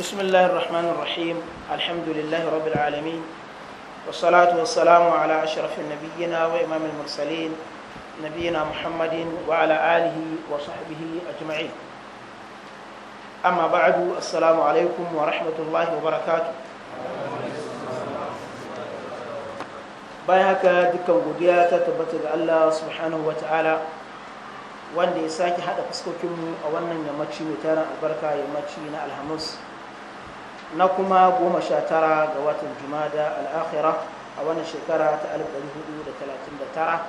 بسم الله الرحمن الرحيم الحمد لله رب العالمين والصلاة والسلام على أشرف النبينا وإمام المرسلين نبينا محمد وعلى آله وصحبه أجمعين أما بعد السلام عليكم ورحمة الله وبركاته bayan dukkan godiya ta tabbata ga Allah subhanahu wa ta'ala wanda ya sake haɗa fuskokinmu a wannan yammaci mai tarin albarka yammaci na alhamis na kuma goma sha tara ga watan jumada al'akhira a wannan shekara ta 1439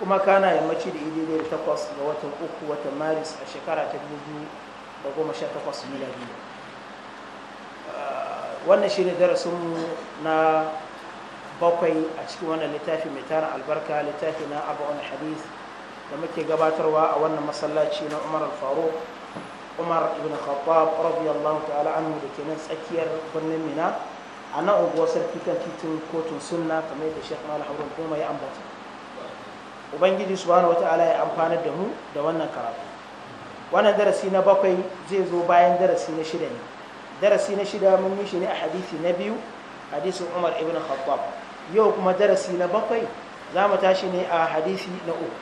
kuma kana yammaci da idiliyar takwas ga watan uku watan maris a shekara ta 2018 miladi ah, wannan shi ne darasinmu na bakwai a cikin wannan littafi mai tarin albarka littafi na abu'an hadith da muke gabatarwa a wannan masallaci na umar al-faruk umar ibn khattab radiyallahu ta'ala anhu da kenan tsakiyar birnin mina a nan unguwar sarki kan titin kotun sunna kamar yadda shekh mal haurun kuma ya ambata ubangiji subhanahu wata'ala ya amfanar da mu da wannan karatu wannan darasi na bakwai zai zo bayan darasi na shida ne darasi na shida mun yi shi ne a hadisi na biyu hadisin umar ibn khattab yau kuma darasi na bakwai za mu tashi ne a hadisi na uku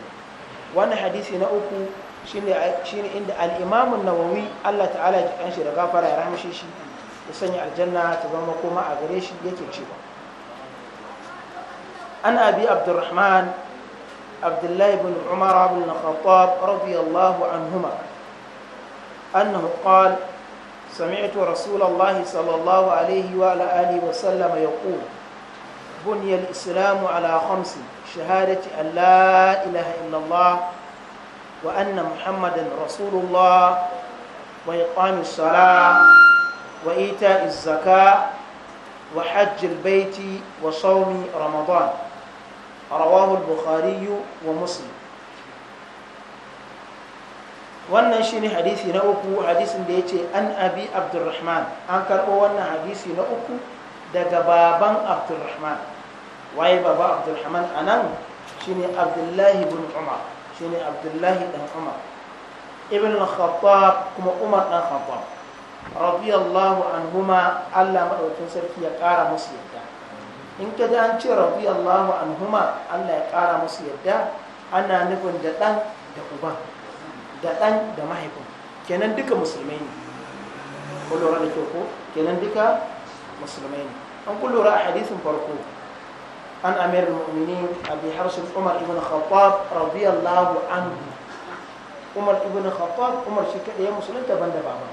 wannan hadisi na uku shine inda al'imamun nawawi Allah ta'ala ya kiɗan shi da gafara ya rahamshe shi ya sanya aljanna ta zama koma a gare shi yake cewa an abi abdurrahman abdullahi bin umar bin khattab radiyallahu anhuma annahu qala سمعت رسول الله صلى الله عليه وعلى آله وسلم يقول بني الإسلام على خمس شهادة أن لا إله إلا الله وأن محمدا رسول ita وإقام الصلاة وإيتاء الزكاة وحج البيت ramadan رمضان رواه البخاري ومسلم wannan shine hadisi na uku hadisin da ya ce an abi abdurrahman an karɓo wannan hadisi na uku daga baban abdurrahman waye baba abdurrahman anan nan shine abdullahi bin umar shine abdullahi dan umar ibn al-khattab kuma umar dan khattab radiyallahu anhuma Allah madaukin sarki ya kara musu yadda in ka ji an ce radiyallahu anhuma Allah ya kara musu yadda ana nufin da dan da uba da dan da mahaifin kenan duka musulmai ne ko lura da ko kenan duka musulmai ne an ku lura a hadisin farko عن أمير المؤمنين أبي حرص عمر بن الخطاب رضي الله عنه عمر بن الخطاب عمر شكا يا مسلم تبند بابا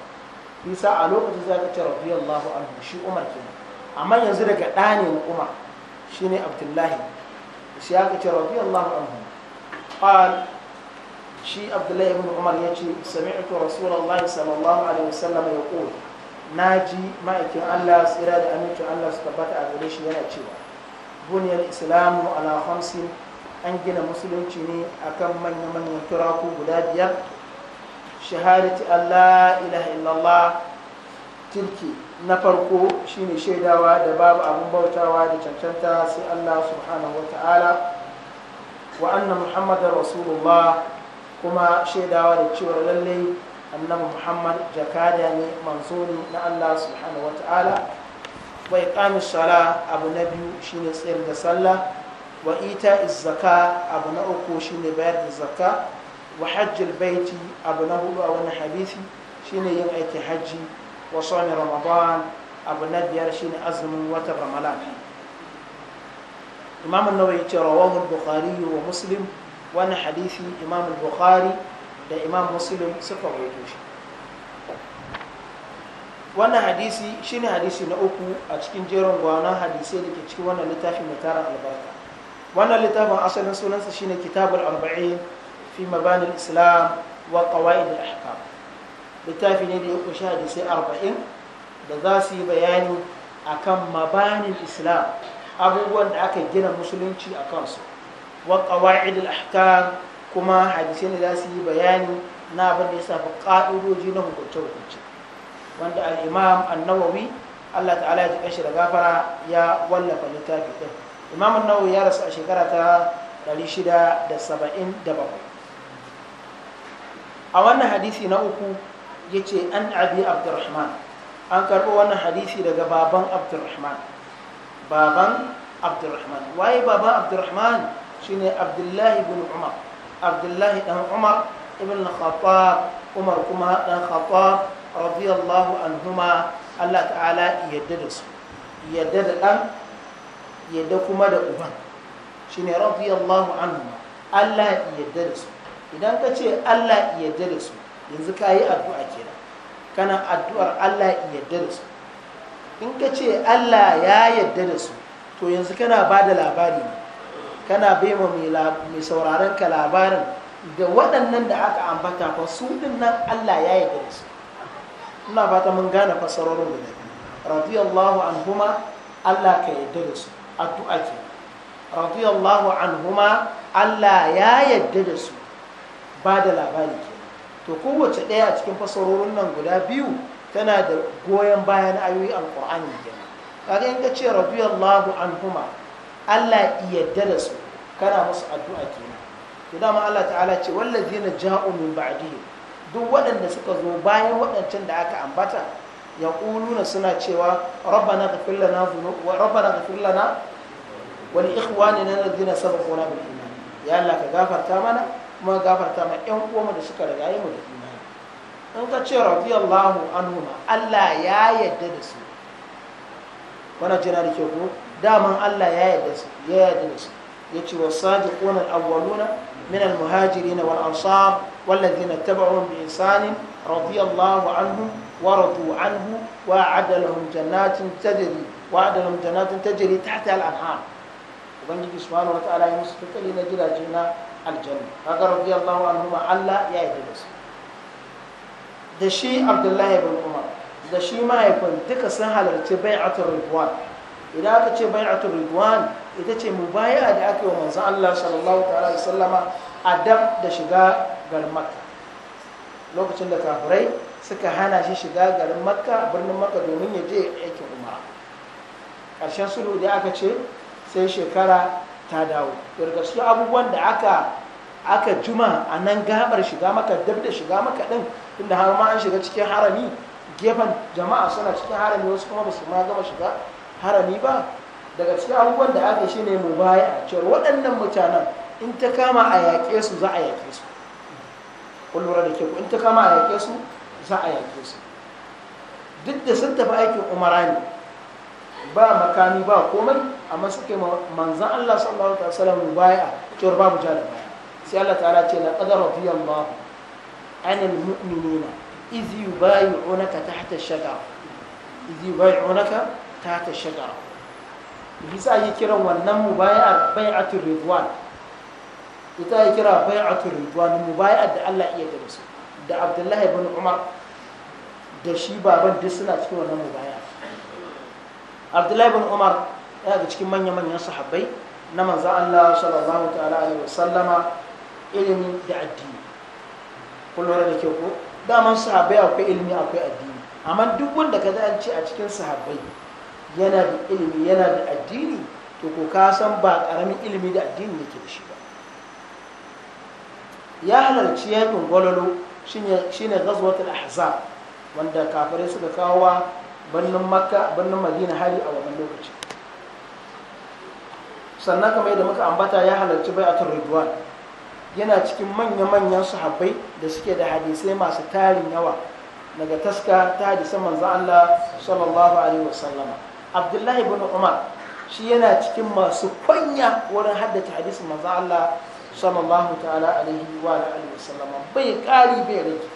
يسا على وقت ذلك رضي الله عنه شي عمر كنا أما ينزل قداني عمر شيني عبد الله سياقة رضي الله عنه قال شي عبد الله بن عمر يجي سمعت رسول الله صلى الله عليه وسلم يقول ناجي ما يكن الله سيراد أميت الله ستبات أغريش ينا تشيوه Buniyar islamu ala hamsin an gina musulunci ne akan manya-manyan turaku guda biyar shahadati allah ilaha illallah tilki na farko shine shaidawa da babu abin bautawa da cancanta sai allah subhanahu wa ta'ala wa anna muhammadar rasulullah kuma shaidawa da cewar lallai annabi muhammad jakada ne manzo ne na allah subhanahu wa ta'ala wa iqamus sala abu na biyu shine tsayar da sallah wa ita zaka abu na uku shine bayar da zaka wa hajjil baiti abu na hudu a wani hadisi shine yin aikin hajji wa sami ramadan abu na biyar shine azumin watan ramadan imam an-nawawi ce rawahu al-bukhari wa muslim wani hadisi imam al-bukhari da imam muslim suka rawaito shi wannan hadisi shine hadisi na uku a cikin jerin gwanon hadisai da ke cikin wannan littafin mai tara albarka wannan littafin asalin sunansa shine kitabul arba'in fi mabanin islam wa qawaid al-ahkam littafi ne da ya kunshi hadisai arba'in da za su yi bayani akan mabanin islam abubuwan da aka gina musulunci a kansu wa qawaid al kuma hadisai ne za su yi bayani na abin da ya shafi ka'idoji na hukunce-hukunce wanda al-imam an-nawawi Allah ta'ala ya ji shi da gafara ya wallafa littafi din imam an ya rasu a shekara ta 677 a wannan hadisi na uku yace an abi abdurrahman an karɓo wannan hadisi daga baban abdurrahman baban abdurrahman waye baban abdurrahman shine abdullahi ibn umar abdullahi ɗan umar ibn khattab umar kuma ɗan khattab radiyallahu anhuma Allah ta'ala yadda da su yadda da ɗan yadda kuma da uban shi ne radiyallahu anhuma Allah yadda da su idan ka ce Allah yadda da su yanzu ka yi addu'a kenan kana addu'ar Allah yadda da su in ka ce Allah ya yadda da su to yanzu kana ba da labari ne kana bai ma mai sauraron ka labarin da waɗannan da aka ambata fa su ɗin Allah ya yadda da su ina fata mun gane fassarorin radiyallahu anhuma Allah ka yadda da su addu'a ke radiyallahu anhuma Allah ya yadda da su ba da labari ke to kowace ɗaya a cikin fassarorin nan guda biyu tana da goyon bayan ayoyi alƙur'ani ke kaga in ka ce radiyallahu anhuma Allah yadda da su kana musu addu'a ke to dama Allah ta'ala ce wallazina ja'u min ba'dihim duk waɗanda suka zo bayan waɗancan da aka ambata ya ƙuluna suna cewa rabbana ghafir lana wa rabbana ghafir lana wa na ikhwanina alladhina kona bil iman ya Allah ka gafarta mana kuma gafarta ma ƴan uwanmu da suka riga mu da imani in ka ce radiyallahu anhu Allah ya yadda da su wannan jina da ke ko daman Allah ya yadda da su ya yadda da su Ya ce yace wasajiquna al-awwaluna من المهاجرين والأنصار والذين اتبعهم بإنسان رضي الله عنهم ورضوا عنه وأعد لهم جنات تجري وأعد لهم جنات تجري تحت الأنهار وبنجي سبحانه وتعالى يوسف لنا جنا الجنة هذا رضي الله عنهما ألا يا إدريس دشي عبد الله بن عمر دشي ما يكون تكسر هذا بيعة الرضوان إذا كتب بيعة الرضوان ita ce mu baya da aka yi wa manzan Allah sallallahu ta'ala da sallama dam da shiga garin makka lokacin da kafirai suka hana shi shiga garin makka birnin makka domin ya je aikin umara ƙarshen sulhu da aka ce sai shekara ta dawo daga su abubuwan da aka aka juma a nan gabar shiga maka dab da shiga maka din inda har ma an shiga cikin harami gefen jama'a suna cikin harami wasu kuma ba su ma gama shiga harami ba daga cikin abubuwan da aka shi ne mu baya a cewar waɗannan mutanen in ta kama a yaƙe su za a yaƙe su kun lura da ke ku in ta kama a yaƙe su za a yaƙe su duk da sun tafi aikin Umarani ba makami ba komai amma suke manzan Allah sallallahu alaihi wasallam mu baya cewar ba mu ja da baya sai Allah ta'ala ce la qadar radiyallahu anil mu'minina idh yubayyi'unaka tahta ash-shajara idh yubayyi'unaka tahta ash-shajara bisa yi kiran wannan mubaya'ar bai'atul ridwan ita ya kira bai'atul ridwan mubaya'ar da Allah iya da su da Abdullahi ibn Umar da shi baban duk suna cikin wannan mu baya Abdullahi ibn Umar ya ga cikin manya manyan sahabbai na manzon Allah sallallahu ta'ala alaihi wasallama ilimi da addini lura da kyau ko daman sahabbai akwai ilimi akwai addini amma duk wanda ka ji an ce a cikin sahabbai yana da ilimi yana da addini to ko ka san ba karamin ilimi da addini yake da shi ba ya halarci shi gwalolo shine ghazwatul ahzab wanda kafirai suka kawo wa birnin makka birnin madina hari a wannan lokaci sannan kamar yadda muka ambata ya halarci bai a ridwan yana cikin manya-manyan sahabbai da suke da hadisai masu tarin yawa daga taska ta hadisan manzo Allah sallallahu alaihi wasallama abdullahi ibn umar shi yana cikin masu kunya wurin haddace hadisin manzon Allah sallallahu ta'ala alaihi wa alihi wasallam bai kari bai rage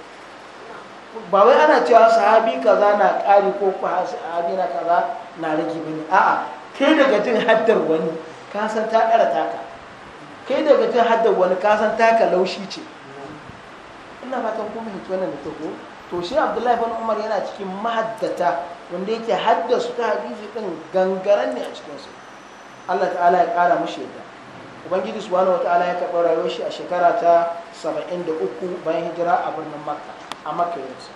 ba wai ana cewa sahabi kaza na kari ko sahabi na kaza na rage bane a'a kai daga jin haddar wani ka san ta ƙara taka kai daga jin haddar wani ka san taka laushi ce ina fatan kuma hito nan da ta to shi abdullahi ibn umar yana cikin mahaddata wanda yake haddasa ta hadisi din gangaren ne a cikinsu Allah ta'ala ya kara mushi yadda ubangiji subhanahu Ta'ala ya karɓi rayuwar shi a shekara ta 73 bayan hijira a birnin makka a makka yanzu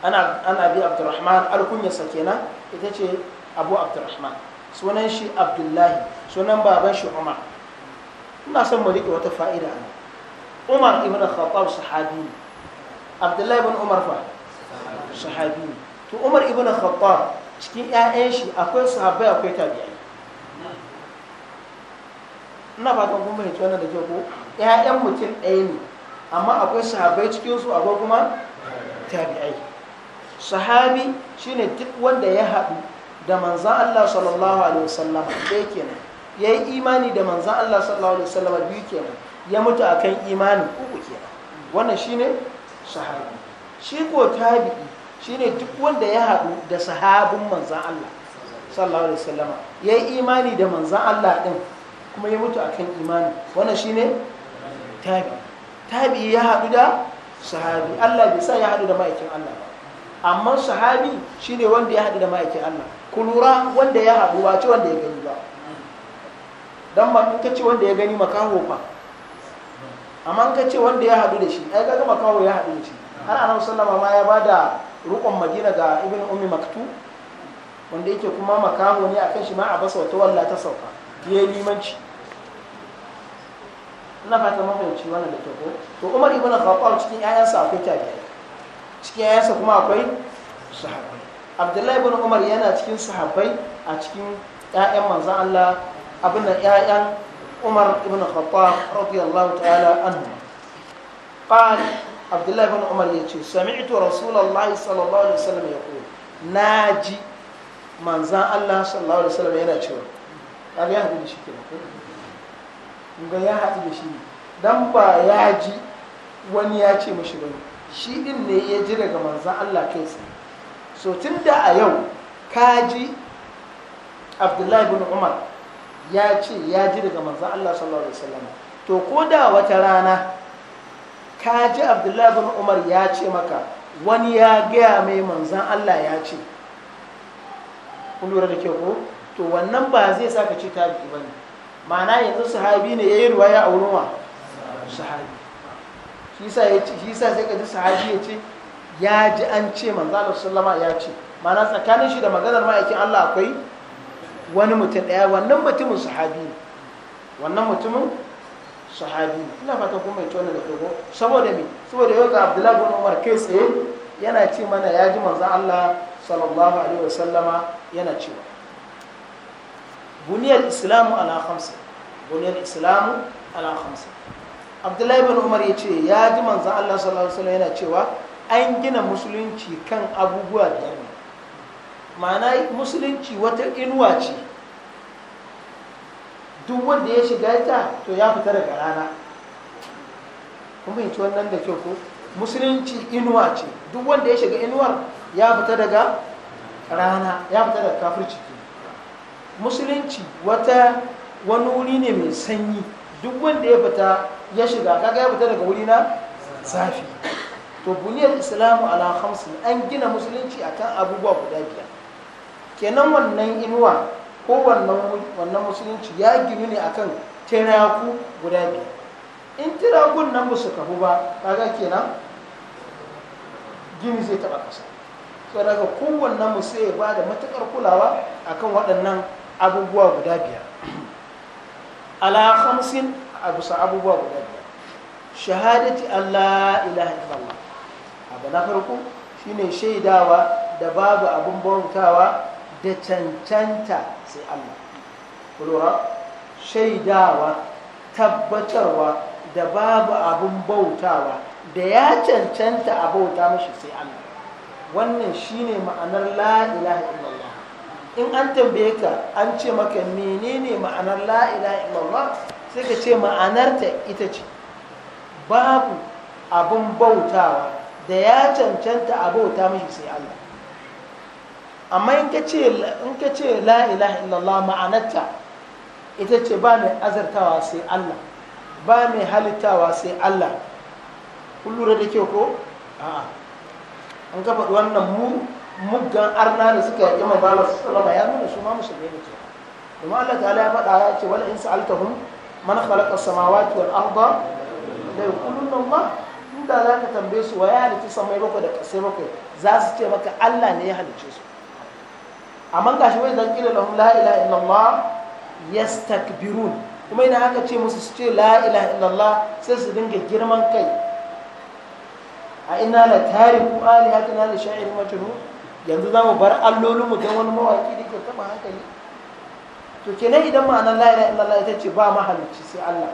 ana ana bi abdurrahman alkunyarsa kenan ita ce abu abdurrahman sunan shi abdullahi sunan baban shi umar ina son mu riƙe wata fa'ida ne. umar ibn khattab sahabi ne abdullahi ibn umar fa sahabi ne to umar ibn khattab cikin 'ya'yan shi akwai sahabbai akwai tabi'ai ina ba kuma mai wannan da ke ko 'ya'yan mutum ɗaya ne amma akwai sahabbai cikin su akwai kuma tabi'ai sahabi shine duk wanda ya haɗu da manzan Allah sallallahu alaihi wasallam ɗaya kenan ya yi imani da manzan Allah sallallahu alaihi wasallam biyu kenan ya mutu akan imani uku kenan wannan shine sahabi shi ko tabi'i shine duk wanda ya haɗu da sahabin manzan Allah sallallahu alaihi wasallama ya yi imani da manzan Allah ɗin kuma ya mutu akan imani wannan shine tabi tabi ya haɗu da sahabi Allah bai sa ya haɗu da ma'aikin Allah ba amma sahabi shine wanda ya haɗu da ma'aikin Allah ku lura wanda ya haɗu ba ce wanda ya gani ba dan ma in ka ce wanda ya gani makaho fa amma in ka ce wanda ya haɗu da shi ai kaga makaho ya haɗu da shi har annabi sallama ma ya bada rukun madina ga ibn ummi maktu wanda yake kuma makaho ne a akan shi ma a basa wata walla ta sauka ya yi limanci ina fata mafahimci wannan da ke to umar ibn khattab cikin yayansa akwai tabi'ai cikin yayansa kuma akwai sahabbai abdullahi ibn umar yana cikin sahabbai a cikin ƴaƴan manzon Allah abin da ƴaƴan umar ibn khattab radiyallahu ta'ala anhu qala abdullahi bin umar ya ce sami'tu rasulullahi sallallahu alaihi wasallam ya ku ji manzan allah sallallahu alaihi wasallam yana cewa kaga ya haɗu da shi ke kun ga ya haɗu da shi dan ba ya ji wani ya ce mashi bane shi din ne ya ji daga manzan allah kai tsaye so tun da a yau ka ji abdullahi bin umar ya ce ya ji daga manzan allah sallallahu alaihi wasallam to ko da wata rana ka ji abdullahi bin umar ya ce maka wani ya gaya mai manzan allah ya ce kun lura da ke ko to wannan ba zai sa ka ce tabi'i ba ne ma'ana yanzu sahabi ne ya yi ruwaya a wurin wa sahabi shi sa sai ka ji sahabi ya ce ya ji an ce manzan allah sallama ya ce ma'ana tsakanin shi da maganar ma'aikin allah akwai wani mutum ɗaya wannan mutumin sahabi ne wannan mutumin sahabi ina fata kuma mai wannan da kogo saboda me saboda yau ga abdullahi bin umar kai tsaye yana ce mana ya ji manzo Allah sallallahu alaihi wasallama yana cewa buniyar islamu ala khamsa buniyar islamu ala khamsa abdullahi bin umar ya ce ya ji manzo Allah sallallahu alaihi wasallam yana cewa an gina musulunci kan abubuwa da yawa ma'ana musulunci wata inuwa ce duk wanda ya shiga ta to ya fita daga rana kuma yanci wannan da kyau ko musulunci inuwa ce duk wanda ya shiga inuwar ya fita daga rana ya fita daga ciki musulunci wata wani wuri ne mai sanyi duk wanda ya fita ya shiga kaga ya fita daga wuri na zafi to buniyar islamu ala hamsin an gina musulunci akan abubuwa guda biyar kenan wannan inuwa ko wannan musulunci ya ginu ne akan tiraku guda biyar in tirakun nan ba su kafu ba kaga kenan gini zai taba kasa so daga kowanne mu sai ba da matukar kulawa akan waɗannan abubuwa guda biyar ala hamsin a bisa abubuwa guda biyar shahadati allah ilaha illallah abu na farko shine shaidawa da babu abin bautawa da cancanta sai Allah kulura shaidawa tabbatarwa da babu abin bautawa da ya cancanta a bauta mashi sai Allah wannan shine ma'anar la ilaha illallah in an tambaye ka an ce maka menene ma'anar la ilaha illallah sai ka ce ma'anarta ita ce babu abin bautawa da ya cancanta a bauta mashi sai Allah amma in ka ce in la ilaha illallah ma'anarta ita ce ba mai azartawa sai Allah ba mai halittawa sai Allah kun lura da kyau ko a'a an ka faɗi wannan muggan arna da suka yi ma manzo su salama ya nuna su ma musulmi ne ce domin Allah ta ala ya faɗa ya ce wala in sa'altahum man khalaqa as-samawati wal arda la yaquluna Allah inda za ka tambaye su wa ya halitta samai bakwai da kasai bakwai za su ce maka Allah ne ya halicce su amma shi wai zan kila lahum la ilaha illallah yastakbirun kuma ina haka ce musu su ce la ilaha illallah sai su dinga girman kai a ina la tariku alihatina la sha'irin majnun yanzu za mu bar allolin mu don wani mawaki da ke taba hankali to kenan idan ma'anar la ilaha illallah ita ce ba mahalicci sai Allah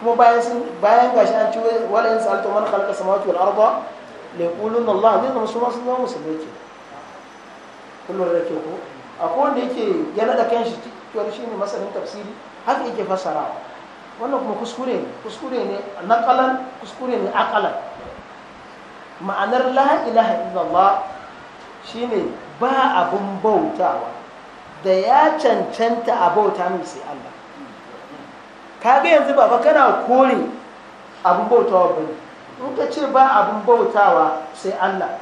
kuma bayan sun bayan gashi an ci wala in sa'altu man khalaqa samawati wal arda la yaquluna Allah ne kuma su ma sun zama musulmai kenan kullum da ke ko akwai da yake ya naɗa kan shi cewar shi ne masanin tafsiri haka yake fassara, wannan kuma kuskure ne kuskure ne naqalan kuskure ne akala ma'anar la ilaha illallah shine ba abun bautawa da ya cancanta a bauta min sai Allah kaga yanzu baba kana kore abun bautawa ba in ka ce ba abun bautawa sai Allah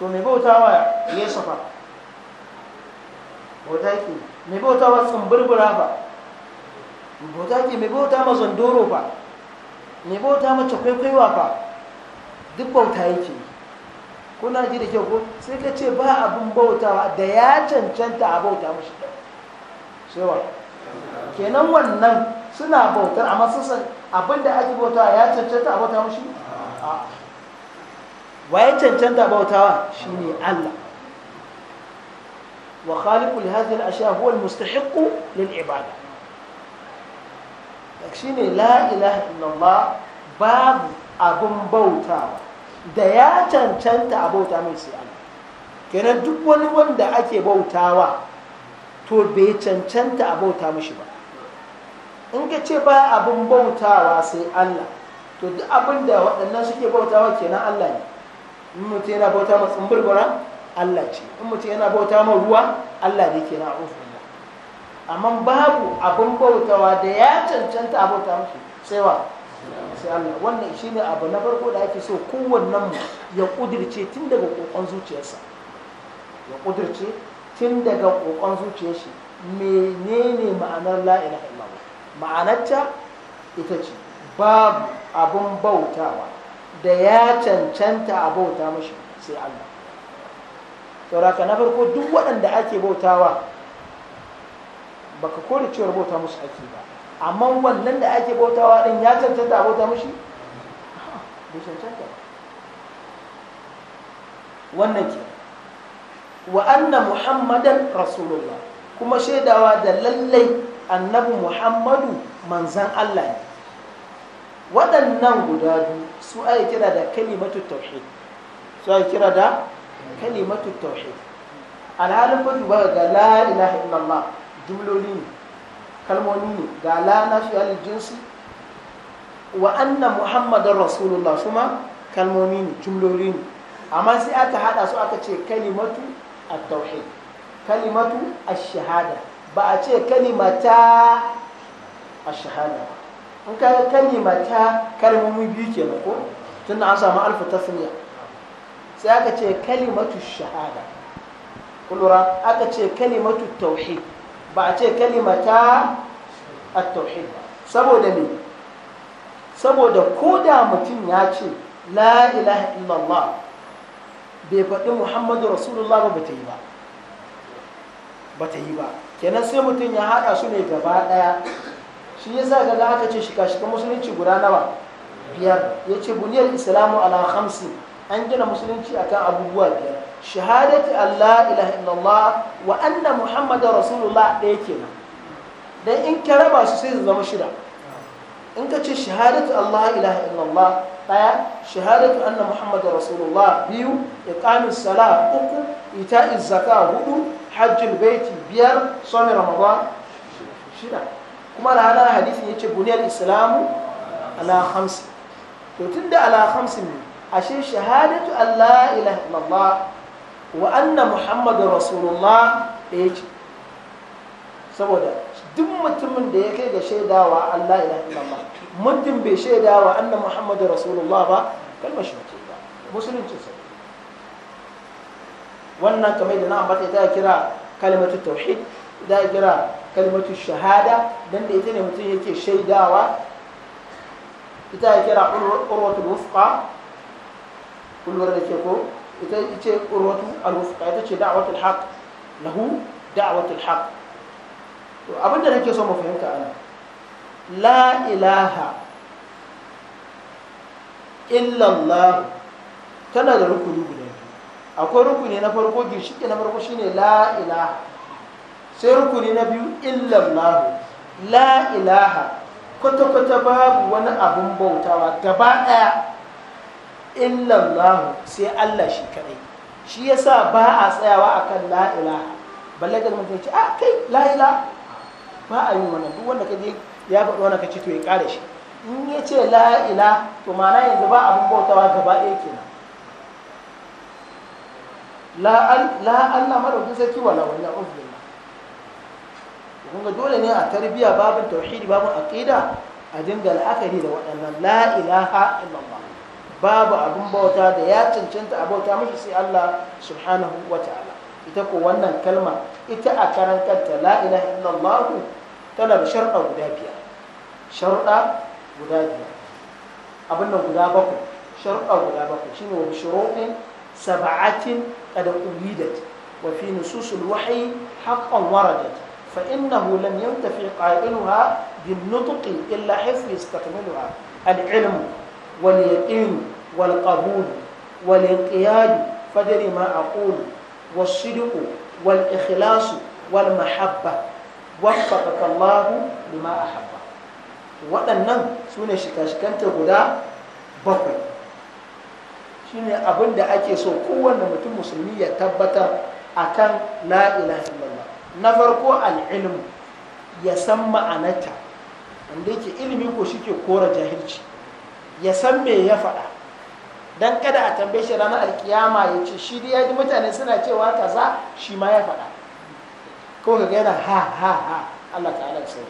to mai bautawa ya safa bauta ke mai bauta wa tsumburbura ba bauta ke mai bauta ma zandoro ba mai bauta ma cakwaikwaiwa ba duk bauta yake kuna ji da kyau ko sai ka ce ba abin bautawa da ya cancanta a bauta mashi shewa kenan wannan suna bautar amma sun san abin da ake bautawa ya cancanta a bauta mashi ya cancanta bautawa shi ne Allah وخالق لهذه الأشياء هو المستحق للعبادة shine la ilaha illallah babu abin bauta da ya cancanta a bauta mai sai Allah kenan duk wani wanda ake bautawa to bai cancanta a bauta mishi ba in ka ce ba abin bautawa sai Allah to duk abin da waɗannan suke bautawa kenan Allah ne in mutu yana bauta ma tsumburbura Allah ce in mutum yana bauta mai ruwa Allah ne ke na ba amma babu abin bautawa da ya cancanta a bauta musu sai wa sai Allah wannan shi ne abu na farko da ake so kowannen mu ya kudirce tun daga kokon zuciyarsa ya kudirce tun daga kokon zuciyar shi menene ma'anar la ilaha illallah ma'anarta ita ce babu abin bautawa da ya cancanta a bauta mashi sai Allah sauraka na farko duk waɗanda ake bautawa baka kore cewar bauta musu ake ba amma wannan da ake bautawa din ya cancanta a bauta mushi bai cancanta ba wannan ke wa anna muhammadan rasulullah kuma shaidawa da lallai annabi muhammadu manzan allah ne waɗannan guda biyu su ake kira da kalimatu tauhid su ake kira da kalimatu tauhid alhalin ba ba ga la ilaha illallah jumloli ne kalmoni ne ga la nafi al jinsi wa anna muhammadar rasulullah su ma kalmoni ne jumloli ne amma sai aka hada su aka ce kalimatu at-tauhid kalimatu ash-shahada ba a ce kalimata ash-shahada ba in ka kalimata kalmomi biyu kenan ko tunda an samu alfa tasniya sai aka ce kalimatu shahada kulura aka ce kalimatu tauhid ba a ce kalimata a tauhid ba saboda me saboda ko da mutum ya ce la ilaha illallah bai faɗi muhammadu rasulullah ba ta yi ba ba ta yi ba kenan sai mutum ya haɗa su ne gaba ɗaya shi yasa ga aka ce shika-shika musulunci guda nawa biyar ya ce buniyar islamu ala hamsin an gina musulunci akan abubuwa biyar shahadati Allah ilaha illallah wa anna muhammad rasulullah ɗaya kenan dan in ka raba su sai su zama shida in ka ce shahadatu Allah ilaha illallah ɗaya shahadatu anna muhammad rasulullah biyu iqamis sala uku ita'iz zaka hudu hajjul baiti biyar sami ramadan shida kuma da hana hadisin yace buniyar islamu ala khamsi to tunda ala khamsin ne ashe shahadatu Allah ilaha illallah wa anna muhammadu rasulullah ɗaya ce saboda duk mutumin da ya kai ga shaidawa Allah ilaha illallah muddin bai shaidawa anna muhammadu rasulullah ba kalmar shi ce ba musulunci sai wannan kamar da na ambata ita kira kalmatu tauhid ita kira kalmatu shahada dan da ita ne mutum yake shaidawa ita kira urwatul wufqa kullum da ke ko ita ce urwatu al-wuthqa ita ce da'watul haqq lahu da'watul haqq to abinda nake so mu fahimta ana la ilaha illallah tana da rukuni guda akwai rukuni na farko ginshiki na farko shine la ilaha sai rukuni na biyu illallah la ilaha kwata-kwata babu wani abin bautawa gaba ɗaya illallahu sai Allah shi kadai shi yasa ba a tsayawa akan la ilaha balle ga mun ce a ah, kai la ilaha ba a yi wannan duk wanda kaje ya faɗi wannan kace to ya kare shi in ya ce la ilaha to ma'ana yanzu ba abun bautawa gaba ɗaya kenan la la Allah madaukin sarki wala wala ubilla kun ga dole ne a tarbiya babin tauhidi babin aqida a dinga la'akari da waɗannan la ilaha illallah babu abin bauta da ya cancanta a bauta mashi sai Allah subhanahu wa ta'ala ita ko wannan kalma ita a karan kanta la ilaha illallah tana da sharuɗa guda biyar sharuɗa guda biyar abin nan guda bakwai sharuɗa guda bakwai shine wa shuruɗin sab'atin qad ulidat wa fi nususul wahyi haqqan waradat fa innahu lam yantafi qa'iluha bin nutqi illa haythu yastakmiluha al-ilm wal yaqin والقبول والانقياد فدري ما أقول والصدق والإخلاص والمحبة وفقك الله لما أحب waɗannan su ne shika-shikanta guda bakwai shi ne abin da ake so kowane mutum musulmi ya tabbatar a kan la'ila illallah na farko al'ilm ya san ma'anata wanda yake ilimi ko shi ke kora jahilci ya san me ya faɗa dan kada a tambaye shi ranar alkiyama ya ce shi dai ya ji mutane suna cewa kaza shi ma ya faɗa ko ka yana ha ha ha Allah ta'ala sai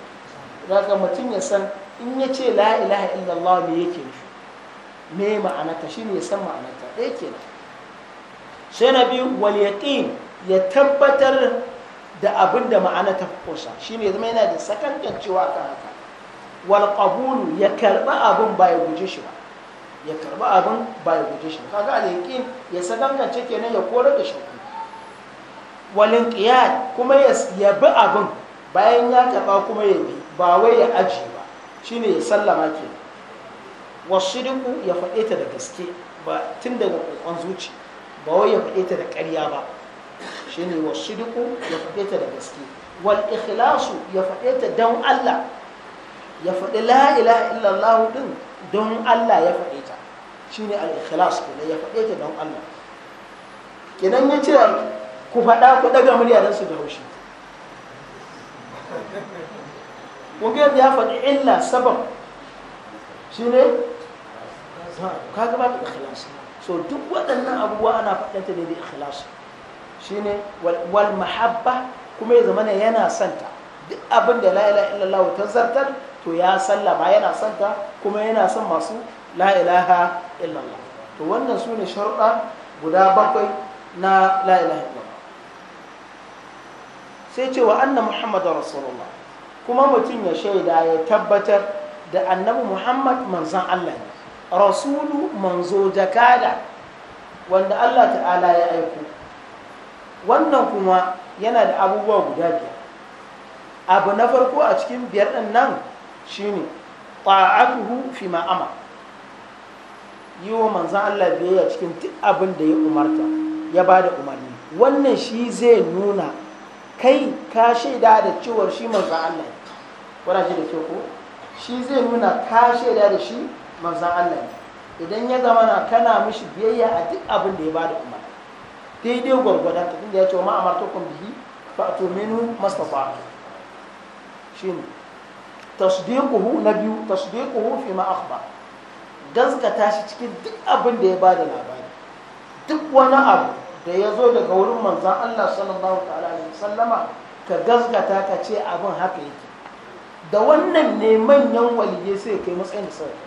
daga mutum ya san in ya ce la ilaha illallah me yake nufi me ma'anata? Shi ne ya san ma'anarta ɗaya kenan sai na biyu wal yaqin ya tabbatar da abin da ma'ana ta kusa Shi ne zama yana da sakankan cewa kan haka wal qabulu ya karba abin ba ya guje shi ba ya karba abin bayan ya kaga al-yaqin ya sagangance kenan ya korar da shakku walin qiyad kuma ya bi abin bayan ya karba kuma ya bi ba wai ya aji ba shine ya sallama ke wasidiku ya faɗe ta da gaske ba tun daga kokon zuci ba wai ya faɗe ta da ƙarya ba shine wasidiku ya faɗe ta da gaske wal ikhlasu ya faɗe ta dan Allah ya faɗi la ilaha illallah din don Allah ya faɗe ta shine al-ikhlas kenan ya faɗe ta don Allah kenan ya ce ku faɗa ku ɗaga murya don su ga haushi kun ga ya faɗi illa sabab shine ka ga ba ikhlas so duk waɗannan abubuwa ana faɗin ta ne da ikhlas shine wal mahabba kuma ya zama yana santa duk abin da la ilaha illallah ta zartar to ya ma yana santa kuma yana son masu la ilaha illallah to wannan su ne sharuɗa guda bakwai na la ilaha illallah sai ce wa anna wa rasulullah kuma mutum ya shaida ya tabbatar da annabi muhammad manzan allah ne rasulu manzo jakada wanda allah ta'ala ya aiko wannan kuma yana da abubuwa guda biyar abu na farko a cikin biyar ɗin nan shine ta'atuhu fi ma amara yi wa manzan Allah biyayya cikin duk abin da ya umarta ya ba da umarni wannan shi zai nuna kai ka shaida da cewar shi manzan Allah ne kuna shi da ke ko shi zai nuna ka shaida da shi manzan Allah ne idan ya zama na kana mishi biyayya a duk abin da ya ba da umarni daidai gwargwadon ta inda ya ce wa ma'amarta kun bihi fa'atu minhu mastafa shine tasdiquhu na biyu tasdiquhu fi ma gaskata shi cikin duk abin da ya bada labari duk wani abu da ya zo daga wurin manzan Allah sallallahu alaihi wasallama ka gaskata ka ce abin haka yake da wannan ne manyan waliyai sai kai matsayin da sauki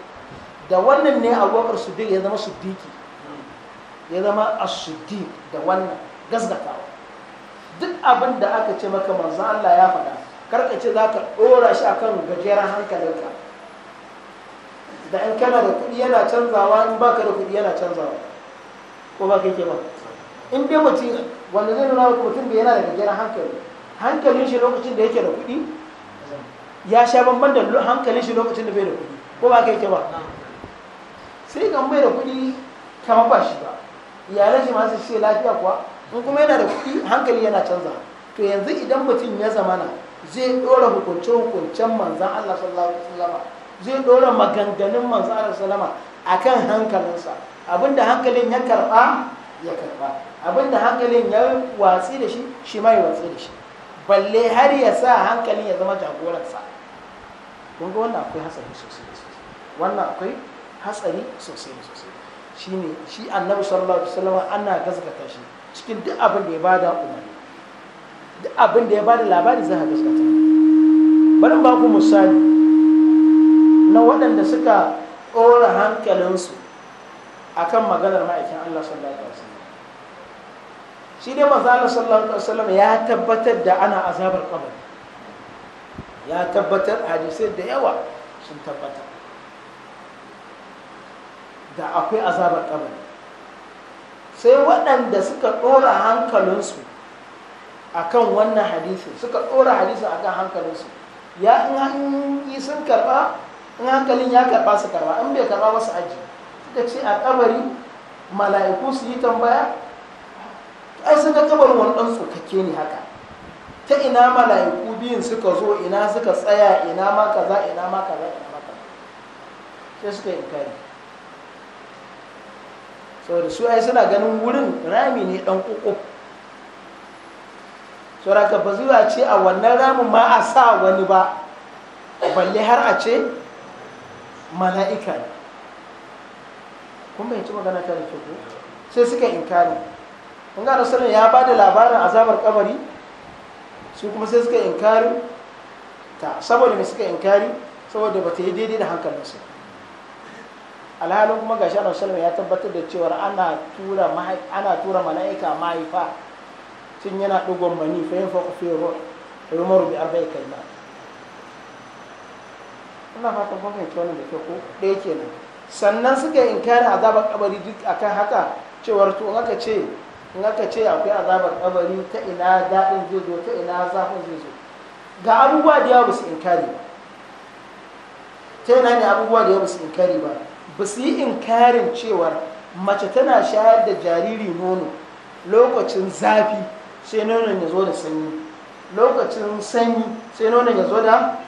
da wannan ne abubakar siddiq ya zama siddiqi ya zama as-siddiq da wannan gaskatawa duk abin da aka ce maka manzan Allah ya faɗa karka ce za ka ɗora shi akan gajeren hankalinka da in kana da kuɗi yana canzawa in baka da kuɗi yana canzawa ko ba kake ba in dai mutum wanda zai nuna mutum da yana da gajeren hankali hankalin shi lokacin da yake da kuɗi ya sha bamban da hankalin shi lokacin da bai da kuɗi ko ba kake ba sai kan bai da kuɗi kama ba shi ba iyalan shi masu ce lafiya kuwa in kuma yana da kuɗi hankali yana canza to yanzu idan mutum ya zamana zai ɗora hukunce-hukuncen manzan Allah sallallahu alaihi wasallama zai ɗora maganganun manzan Allah Alaihi a kan hankalinsa abinda hankalin ya karɓa ya karɓa abinda hankalin ya watsi da shi shi ma ya watsi da shi balle har ya sa hankalin ya zama jagoransa kun ga wannan akwai hatsari sosai da sosai wannan akwai hatsari sosai da sosai shi ne shi annabi sallallahu alaihi wasallama ana gaskata shi cikin duk abin da ya bada umarni duk abin da ya bada labari za a gaskata bari ba ku misali na waɗanda suka ɗora hankalinsu akan maganar ma'aikin Allah sallallahu alaihi wasallam shi dai manzo Allah sallallahu alaihi wasallam ya tabbatar da ana azabar kabari ya tabbatar hadisai da yawa sun tabbatar da akwai azabar kabari sai waɗanda suka ɗora hankalinsu akan wannan hadisin suka ɗora hadisin akan hankalinsu ya in yi sun karɓa in hankalin ya karɓa su karɓa in bai karɓa wasu aji suka ce a kabari mala'iku su yi tambaya ai sun ga kabarin wani ɗan tsokake ne haka ta ina mala'iku biyun suka zo ina suka tsaya ina ma kaza ina ma kaza ina ma kaza sai suka yi inkari saboda su ai suna ganin wurin rami ne ɗan ƙoƙo sauraka ba zuwa ce a wannan ramin ma a sa wani ba balle har a ce mala'ika ne kun bai ci magana ta da ke sai suka inkari kun gano sanin ya ba da labarin azabar kabari su kuma sai suka inkari ta saboda mai suka inkari saboda ba ta yi daidai da hankalinsu alhalin kuma gashi ana ya tabbatar da cewar ana tura mala'ika mahaifa sun yana ɗugon mani fa yin faku fi ruwa a yi marubi arba'i ina fata kun fahimci wannan da ke ko ɗaya nan sannan suka yi inkarin azabar kabari duk akan haka cewar to in aka ce in aka ce akwai azabar kabari ta ina daɗin zai zo ta ina zafin zai zo ga abubuwa da yawa ba su inkari ba ta yana ne abubuwa da yawa ba su inkari ba ba su yi inkarin cewar mace tana shayar da jariri nono lokacin zafi sai nonon ya zo da sanyi lokacin sanyi sai nonon ya zo da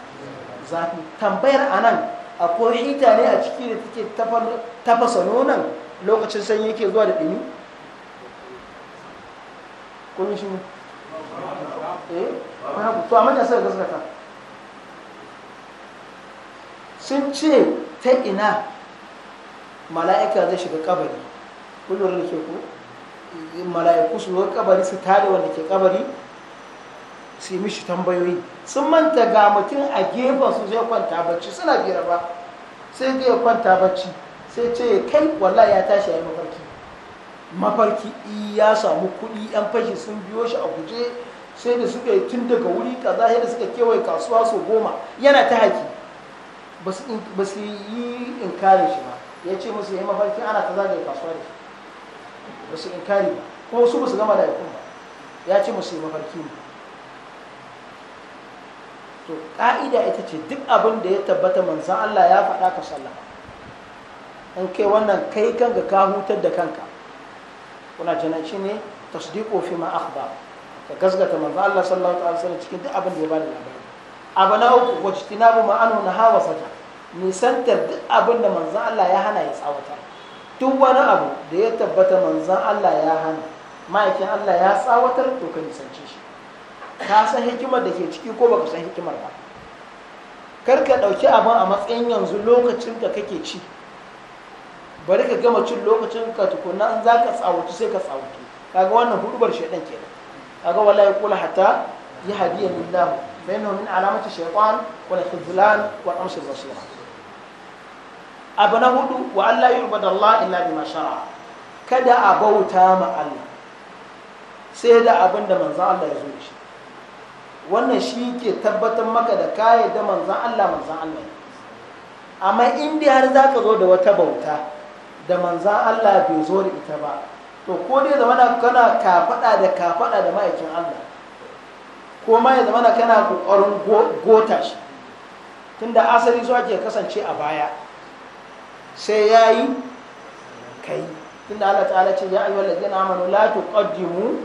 zafi tambayar a nan akwai hita ne a ciki da take tafasa nonon lokacin sanyi yake zuwa da ɗumi kun shi eh to amma da sai gaskata sun ce ta ina mala'ika zai shiga kabari kullum da ke kuma mala'iku su kabari su tare wanda ke kabari su yi mishi tambayoyi sun manta ga mutum a gefen su zai kwanta bacci suna biyar ba sai zai kwanta bacci sai ce kai wallahi ya tashi ya yi mafarki mafarki ya samu kuɗi yan fashi sun biyo shi a guje sai da suka yi tun daga wuri kaza sai da suka kewaye kasuwa sau goma yana ta haki ba su yi inkarin shi ba ya ce musu ya mafarki ana ta zagaye kasuwa da shi ba su inkari ba ko su ba su gama mala'ikun ba ya ce musu mafarki ne to ka'ida ita ce duk abin da ya tabbata manzan Allah ya faɗa ka sallama in kai wannan kai kanka ka hutar da kanka kuna ne ne tasdiqo fi ma akhba ka gasgata manzan Allah sallallahu alaihi wasallam cikin duk abin da ya bada labari abu na uku wajtinabu ma'anu na hawa sata nisantar duk abin da manzan Allah ya hana ya tsawata duk wani abu da ya tabbata manzan Allah ya hana ma'aikin Allah ya tsawatar to ka shi ka san hikimar da ke ciki ko baka san hikimar ba kar ka ɗauki abin a matsayin yanzu lokacin ka kake ci bari ka gama cin lokacin ka tukuna an za ka tsawatu sai ka tsawatu kaga wannan hudubar shaidan kenan kaga wallahi kula hatta yi hadiyan lillah bainahu min alamati shaytan wal khizlan wa amshin basira abu na hudu wa Allah rubar Allah illa bi shara kada a bauta ma Allah sai da abin da manzon Allah ya zo da shi wannan shi ke tabbatar maka da kayan da manzan Allah manzan Allah amma in dai har za ka zo da wata bauta da manzan Allah bai zo da ita ba to ko dai zamana kana kafaɗa da kafaɗa da ma'aikin Allah ko ma ya zamana kana kokarin gota shi tunda asali zuwa ke kasance a baya sai ya yi kai tunda Allah ta'ala ce ya ayyuhal ladzina amanu la tuqaddimu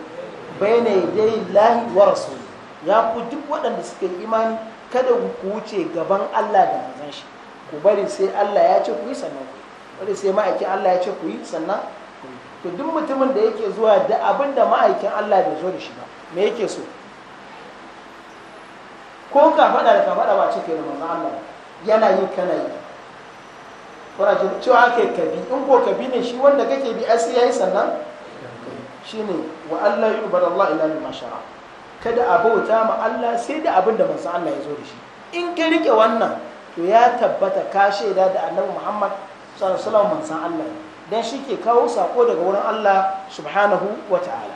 bayna yaday Allahi wa rasuli ya ku duk waɗanda suke imani kada ku wuce gaban Allah da manzon shi ku bari sai Allah ya ce ku yi sannan ku bari sai ma'aikin Allah ya ce ku yi sannan ku to duk mutumin da yake zuwa da abin da ma'aikin Allah bai zo da shi ba me yake so ko ka faɗa da ka faɗa ba ce da manzon Allah yana yi kana yi kuna jin cewa aka ka bi in ko kabi ne shi wanda kake bi asiri sai yayi sannan shine wa Allah yubar Allah ila ma shara kada a bauta ma Allah sai da abin da manzon Allah ya zo da shi in ka rike wannan to ya tabbata ka shaida da Annabi Muhammad sallallahu alaihi wasallam manzon Allah dan shi ke kawo sako daga wurin Allah subhanahu wa ta'ala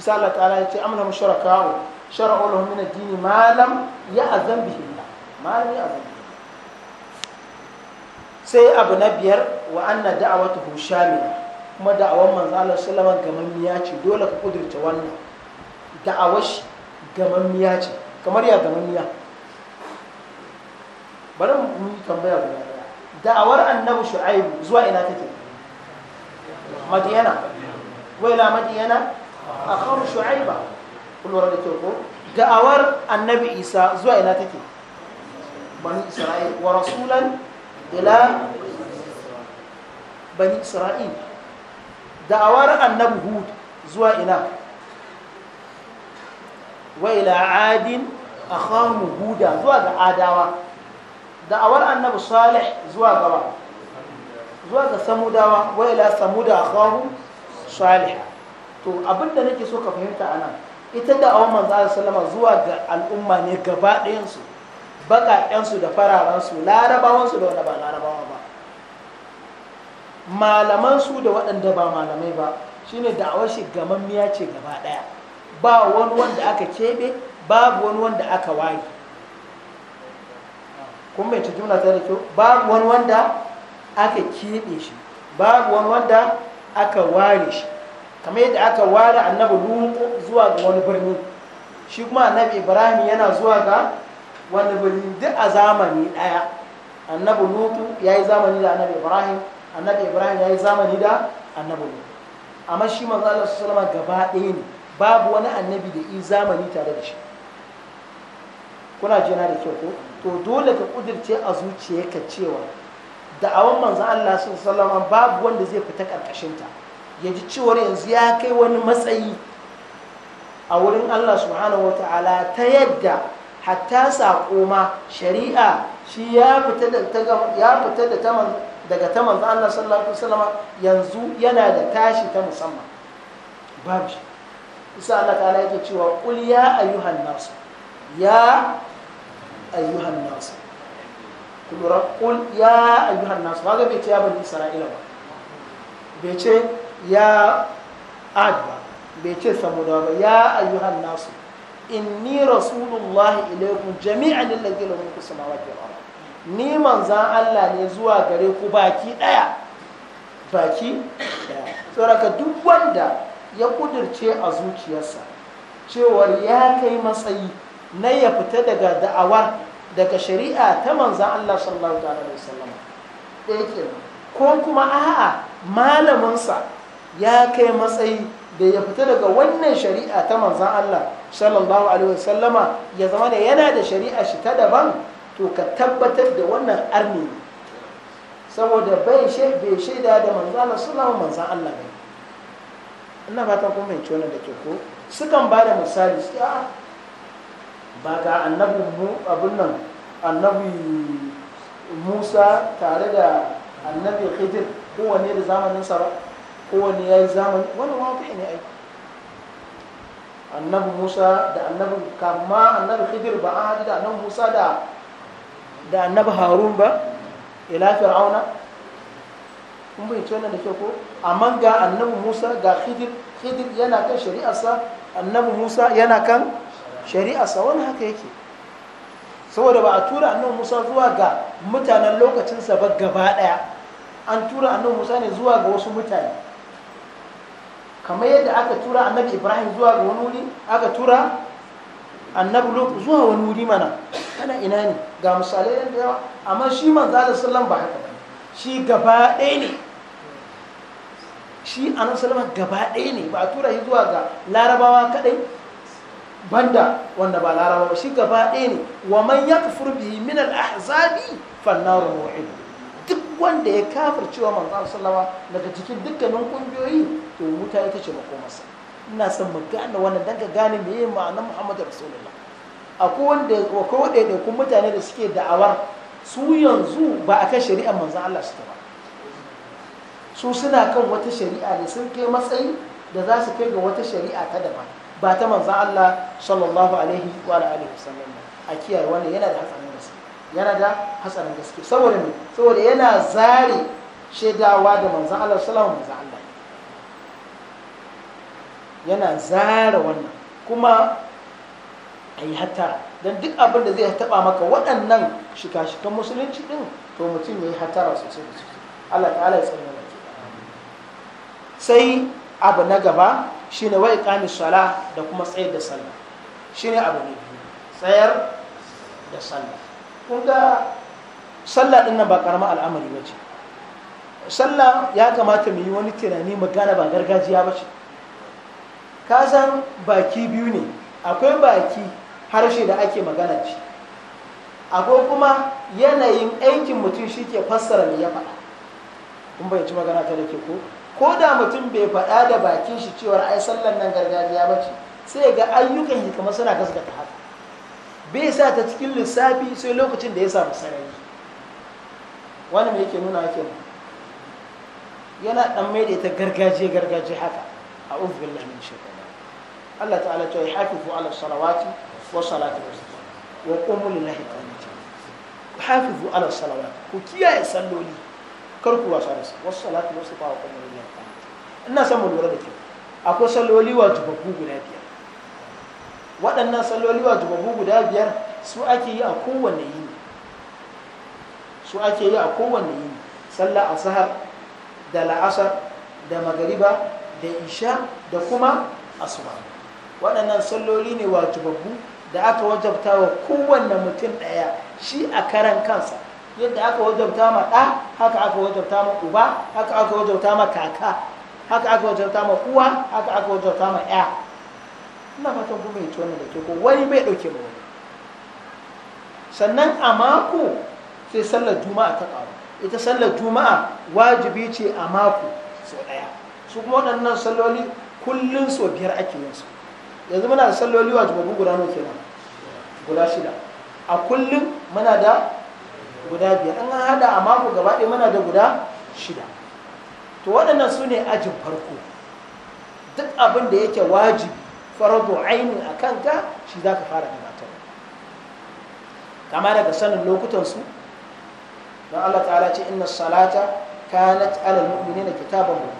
isa Allah ta'ala ya ce amna musharaka'u shara'u lahum min ad-din ma lam ya'zam bihi Allah ma lam ya'zam sai abu na biyar wa anna da'awatuhu shamila kuma da'awar manzo Allah sallallahu alaihi wasallam gamammiya ce dole ka kudurta wannan da'awar shi gamammiya ce kamar ya gamammiya bari mu tambaya guda daya da'awar annabi shu'aib zuwa ina take madiyana Wai ila madiyana akharu shu'aiba kullu da ko da'awar annabi isa zuwa ina take bani isra'il wa rasulan ila bani isra'il da'awar annabi hud zuwa ina wa ila adin akhahu huda zuwa ga adawa da'awar annabi salih zuwa gaba zuwa ga samudawa wa ila samuda akhahu salih to abinda nake so ka fahimta anan ita da'awar manzo sallallahu alaihi wasallam zuwa ga al'umma ne gaba ɗayan su baƙaƙensu da fararensu larabawansu da wanda ba larabawa ba malamansu da waɗanda ba malamai ba shine da'awar shi gamammiya ce gaba ɗaya ba wani wanda aka kebe babu wani wanda aka wage kun bai ci jumla ta da kyau babu wani wanda aka kebe shi babu wani wanda aka ware shi kamar yadda aka ware annabi lutu zuwa ga wani birni shi kuma annabi ibrahim yana zuwa ga wanda ba duk a zamani ɗaya annabi lutu ya yi zamani da annabi ibrahim annabi ibrahim ya yi zamani da annabi lutu amma shi manzo Allah sallama gaba ɗaya ne babu wani annabi da yi zamani tare da shi kuna jina da kyau ko to dole ka kudirce a zuciyarka cewa da awon manzo Allah sallama babu wanda zai fita karkashinta ya ji cewar yanzu ya kai wani matsayi a wurin Allah subhanahu wa ta'ala ta yadda hatta saƙo ma shari'a shi ya fita daga ta manzo Allah sallallahu alaihi wasallam yanzu yana da tashi ta musamman babu shi isa Allah ta'ala yake cewa qul ya ayyuhan nas ya ayyuhan nas kulura qul ya ayyuhan nas ba ga bai ya bani isra'ila ba bai ce ya ad ba bai ce samudawa ba ya ayyuhan nasu inni rasulullahi ilaikum jami'an lillazi lahu mulku samawati wal ard ni manzan Allah ne zuwa gare ku baki daya baki daya saboda duk wanda ya kudirce a zuciyarsa cewar ya kai matsayi na ya fita daga da'awa daga shari'a ta manzan Allah sallallahu alaihi wasallam ko kuma a'a malaminsa ya kai matsayi da ya fita daga wannan shari'a ta manzan Allah sallallahu alaihi wasallama ya zama da yana da shari'a shi ta daban to ka tabbatar da wannan arni ne saboda bai shaida da manzana sallama manzan Allah bai ina fata kun mai wannan da ke ko sukan ba da misali su a ah, ba ga annabin mu abin nan annabi musa tare da annabi khidir kowane da zamanin sa ba kowane ya yi zamani wani wata ne aiki annabi musa da annabi kama annabi khidir ba an haɗu da annabi musa da da annabi harun ba ila fir'auna kun bai tona da ke ko amma ga annabi musa ga khidir khidir yana kan shari'arsa annabi musa yana kan shari'arsa wani haka yake saboda ba a tura annabi musa zuwa ga mutanen lokacinsa ba gaba ɗaya an tura annabi musa ne zuwa ga wasu mutane kamar yadda aka tura annabi ibrahim zuwa ga wani wuri aka tura annabi lut zuwa wani wuri mana ana ina ne ga misalai da yawa amma shi manzo Allah sallallahu ba haka shi gaba ɗaya ne shi annabi sallama gaba ɗaya ne ba a tura shi zuwa ga larabawa kadai banda wanda ba Laraba ba shi gaba ɗaya ne wa man yakfur bihi min al ahzabi fannaru mu'id duk wanda ya kafircewa manzo Allah sallallahu daga cikin dukkanin kungiyoyi to wuta ita ce makomarsa ina son mu gane wannan dan ka gane me yayin ma'anar Muhammadu Rasulullah akwai wanda akwai wanda kun mutane da suke da'awar su yanzu ba akan shari'ar manzon Allah su ba su suna kan wata shari'a ne sun kai matsayi da za su kai ga wata shari'a ta daban ba ta manzon Allah sallallahu alaihi wa alihi wasallam a kiyaye wannan yana da hatsarin gaske yana da hatsarin gaske saboda saboda yana zare shaidawa da manzon Allah sallallahu alaihi wa sallam yana zara wannan kuma a yi hatara don duk abin da zai taɓa maka waɗannan shika-shikan musulunci ɗin to mutum ya yi hatara sosai da sosai allah ta'ala ya tsaye da sai abu na gaba shine wai ƙani sala da kuma tsayar da sallah ne abu ne tsayar da sallah kun ga sallah ɗin nan ba karamar al'amari ba ce sallah ya kamata mu yi wani tunani magana ba gargajiya ba ce ka san baki biyu ne akwai baki harshe da ake magana shi akwai kuma yanayin aikin mutum shi ke fassara me ya faɗa kun bayyanci magana ta da ke ko ko da mutum bai faɗa da bakin shi cewar ai sallan nan gargajiya ba ce sai ga ayyukan shi kamar suna gaskata haka bai sa ta cikin lissafi sai lokacin da ya samu sarari wani mai yake nuna yake yana dan mai da ita gargajiya gargajiya haka a ubin lamin shekaru Allah ta'ala ta hafifu ala salawati wa salati wa qumu lillahi hafifu ala salawati ku kiyaye salloli kar ku wasa da su wa salati wa wa qumu lillahi ina san mu lura da akwai salloli guda biyar waɗannan salloli guda biyar su ake yi a kowanne yini su ake yi a kowanne yini sallah asahar da la'asar da magariba da isha da kuma asuba waɗannan salloli ne wajibabbu da aka wajabta wa kowanne mutum ɗaya shi a karan kansa yadda aka wajabta ma ɗa haka aka wajabta ma uba haka aka wajabta ma kaka haka aka wajabta ma uwa haka aka wajabta ma ya ina fatan kuma ya ci da ke ko wani bai ɗauke ma wani sannan a mako sai sallar juma'a ta ƙaru ita sallar juma'a wajibi ce a mako sau ɗaya su kuma waɗannan salloli kullum sau biyar ake yin su yanzu muna da salloli wa jibabu guda nawa kenan guda shida a kullum muna da guda biyar an hada a mako gaba muna da guda shida to waɗannan su ne ajin farko duk abin da yake wajibi faradu aini a kanta shi za ka fara gabatar kama daga sanin lokutansu don allah ta'ala ce inna salata kanat alal mu'minina kitaban mu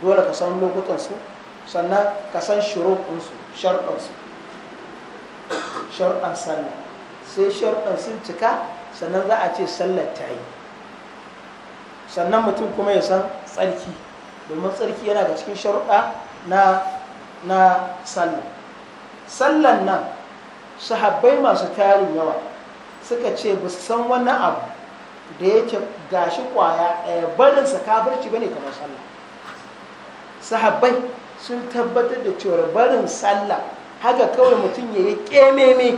dole ka san lokutansu sannan ka san shuruɗinsu sharɗansu sharɗan sallah sai sharɗan sun cika sannan za a ce sallar ta yi sannan mutum kuma ya san tsarki domin tsarki yana da cikin sharuɗa na sallah sallan nan sahabbai masu tarin yawa suka ce ba su san wani abu da yake gashi kwaya ɗaya barinsa kafirci bane kamar sallah sahabbai sun tabbatar da cewar barin sallah haka kawai mutum ya yi kememe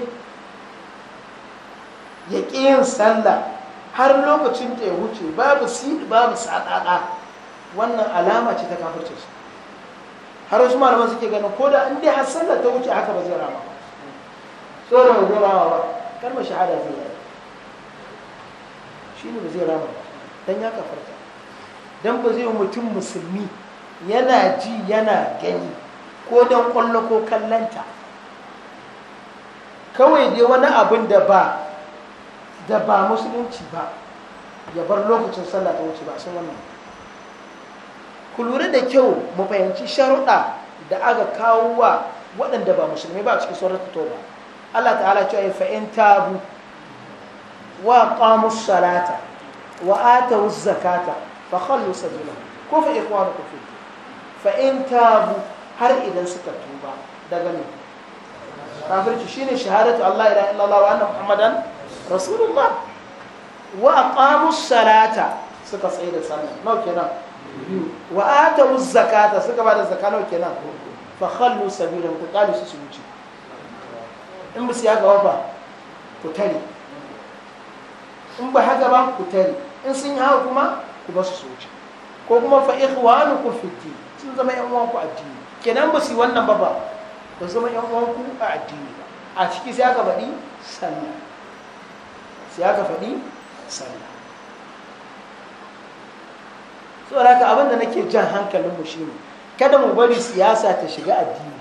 ya ƙi yin sallah har lokacin da ya wuce babu siɗi babu saɗaɗa wannan alama ce ta kafirce su har wasu malaman suke ganin ko da an dai har sallah ta wuce haka ba zai rama ba tsoron ba zai rama ba kalmar shahada zai yi shi ne ba zai rama ba don ya kafarta don ba zai yi mutum musulmi yana ji yana gani ko don kwallo ko kallanta kawai dai wani abin da ba da ba musulunci ba ya bar lokacin sallah ta wuce ba sun wannan ku lura da kyau mu fahimci sharuɗa da aka kawo wa waɗanda ba musulmi ba cikin sauran ba Allah ta'ala cewa fa in tabu wa qamu salata wa atu zakata fa khallu sabila ko fa ikhwanukum fi fa'in tabu har idan suka tuba daga ne kafirci shine shahadatu Allah ila illallah wa anna muhammadan rasulullah wa aqamu salata suka tsaye da sallah nawa kenan biyu wa atu zakata suka bada zakka nawa kenan fa khallu sabilan ku kalu su wuce in ba su ya gaba ba ku tare in ba haka ba ku tare in sun yi haka kuma ku ba su su wuce ko kuma fa ikhwanukum ku din sun zama yan uwanku a addini kenan ba su wannan ba ba ba zama yan uwanku a addini ba a ciki sai aka faɗi sallah sai aka faɗi sallah haka abin da nake jan hankalin mu shine kada mu bari siyasa ta shiga addini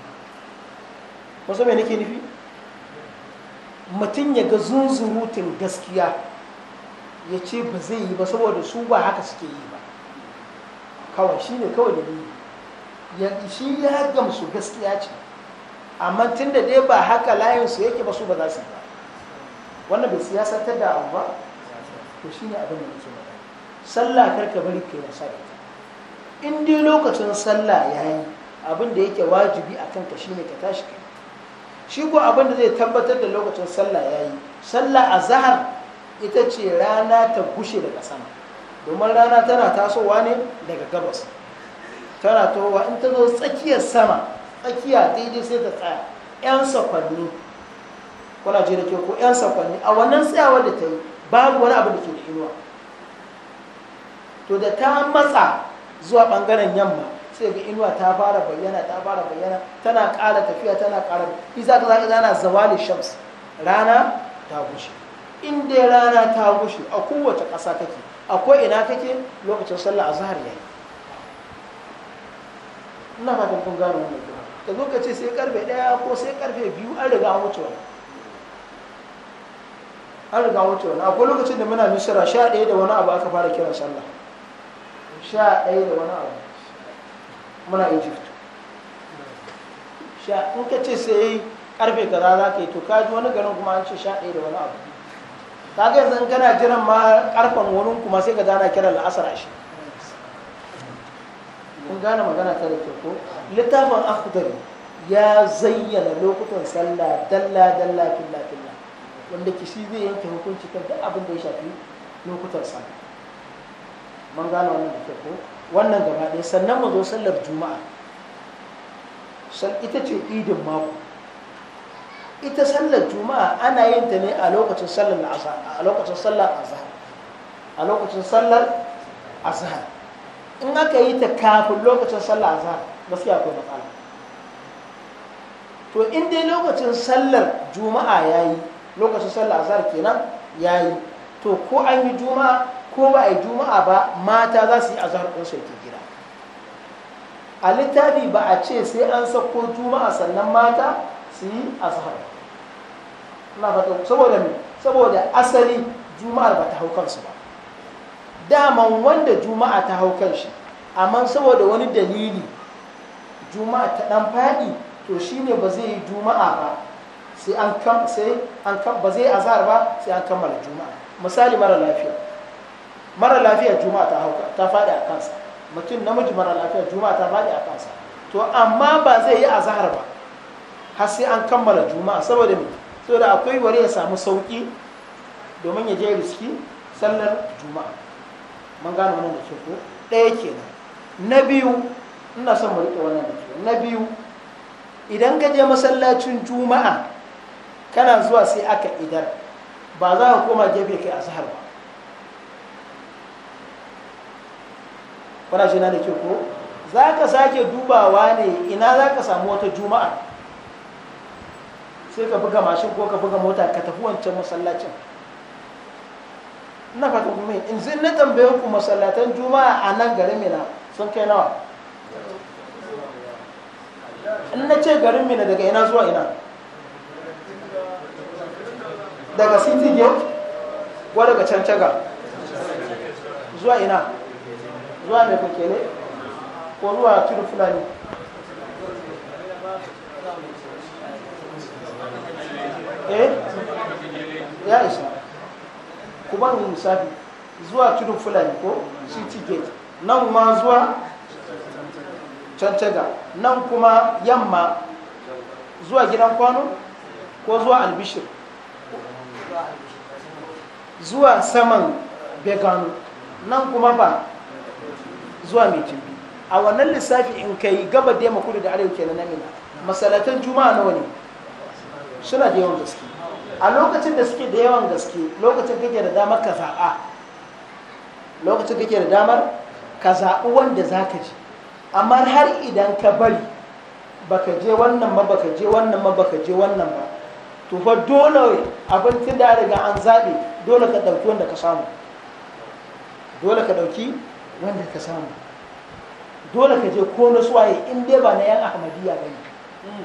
wasu me nake nufi mutum ya ga zunzurutun gaskiya ya ce ba zai yi ba saboda su ba haka suke yi ba kawai shine kawai da yi. shi ya gamsu gaskiya ce amma tun da dai ba haka layinsu yake ba su ba za su yi ba wannan bai ta da abu ba to shi ne abin da nake ba sallah karka bari ke na sa ita in dai lokacin sallah ya yi abin da yake wajibi a kanka shi ne ka tashi ka shi ko abin da zai tabbatar da lokacin sallah ya yi sallah a zahar ita ce rana ta gushe daga sama domin rana tana tasowa ne daga gabas tana towa in ta zo tsakiyar sama tsakiya daidai sai ta tsaya 'yan sakwanni kuna ji da ke ko 'yan sakwanni a wannan tsayawar da ta yi babu wani abu da ke da inuwa to da ta matsa zuwa bangaren yamma sai ga inuwa ta fara bayyana ta fara bayyana tana ƙara tafiya tana ƙara Iza ka zaka zana zawali shams rana ta gushe in dai rana ta gushe a kowace ƙasa kake akwai ina kake lokacin sallah azhar yayi ina fatan kun gano wannan ka zo ka ce sai karfe daya ko sai karfe biyu an riga an wuce an riga an wuce wani akwai lokacin da muna misira sha ɗaya da wani abu aka fara kiran sallah sha ɗaya da wani abu muna egypt sha in ka ce sai karfe kaza za ka yi to ka ji wani garin kuma an ce sha ɗaya da wani abu ka ga yanzu in kana jiran ma karfen wani kuma sai ka gana kiran la'asar a shi kun gane magana ta da kyau ko littafin akhdari ya zayyana lokutan sallah dalla dalla filla filla wanda kishi zai yanke hukunci kan duk abin da ya shafi lokutan sallah mun gane wannan da kyau ko wannan gaba ɗaya sannan mu zo sallar juma'a ita ce idin mako ita sallar juma'a ana yin ta ne a lokacin sallar azhar a lokacin sallar azhar a lokacin sallar azhar in aka yi ta kafin lokacin sallah a gaskiya akwai matsala to in dai lokacin sallar juma'a ya yi, lokacin sallar azhar kenan ya yi, to ko an yi juma'a ko ba a yi juma'a ba mata za su yi azhar din su ke gida a littafi ba a ce sai an sako juma'a sannan mata su yi azhar fata saboda saboda asali juma'ar ba ta hau kansu ba daman wanda juma'a ta hau kan shi amma saboda wani dalili juma'a ta dan faɗi to shine ba zai yi juma'a ba sai an kam sai an kam ba zai azhar ba sai an kammala juma'a misali mara lafiya mara lafiya juma'a ta hauka ta faɗi a kansa mutum namiji mara lafiya juma'a ta faɗi a kansa to amma ba zai yi azhar ba har sai an kammala juma'a saboda me saboda akwai wari ya samu sauki domin ya je riski sallar juma'a mun gano wannan da ke ko ɗaya kenan na biyu ina son wannan da ke na biyu idan ka je masallacin juma'a kana zuwa sai aka idar ba za ka koma gefe kai a sahar ba kuna shi na da ke ko za ka sake dubawa ne ina za ka samu wata juma'a sai ka buga mashin ko ka buga mota ka tafi wancan masallacin na fata kuma in zai na tambaye ku masallatan juma'a a nan garin mina sun kai nawa in na ce garin mina daga ina zuwa ina daga city gate ko daga cancaga zuwa ina zuwa mai ne ko zuwa tudu fulani eh ya isa ku bar mu misali zuwa tudun fulani ko city gate nan ma zuwa cancaga nan kuma yamma zuwa gidan kwano ko zuwa albishir zuwa saman begano nan kuma ba zuwa mai jimbi a wannan lissafi in kai gaba da ya kudu da arewa kenan na mina masalatan juma'a nawa ne suna da yawan gaske a lokacin da suke da yawan gaske lokacin kake da damar ka zaɓa lokacin kake da damar ka zaɓi wanda za ka ji amma har idan ka bari baka je wannan ba baka je wannan ba baka je wannan ba to fa dole abin tun da riga an zaɓe dole ka ɗauki wanda ka samu dole ka ɗauki wanda ka samu dole ka je ko na suwaye in dai ba na yan ahmadiyya ba ne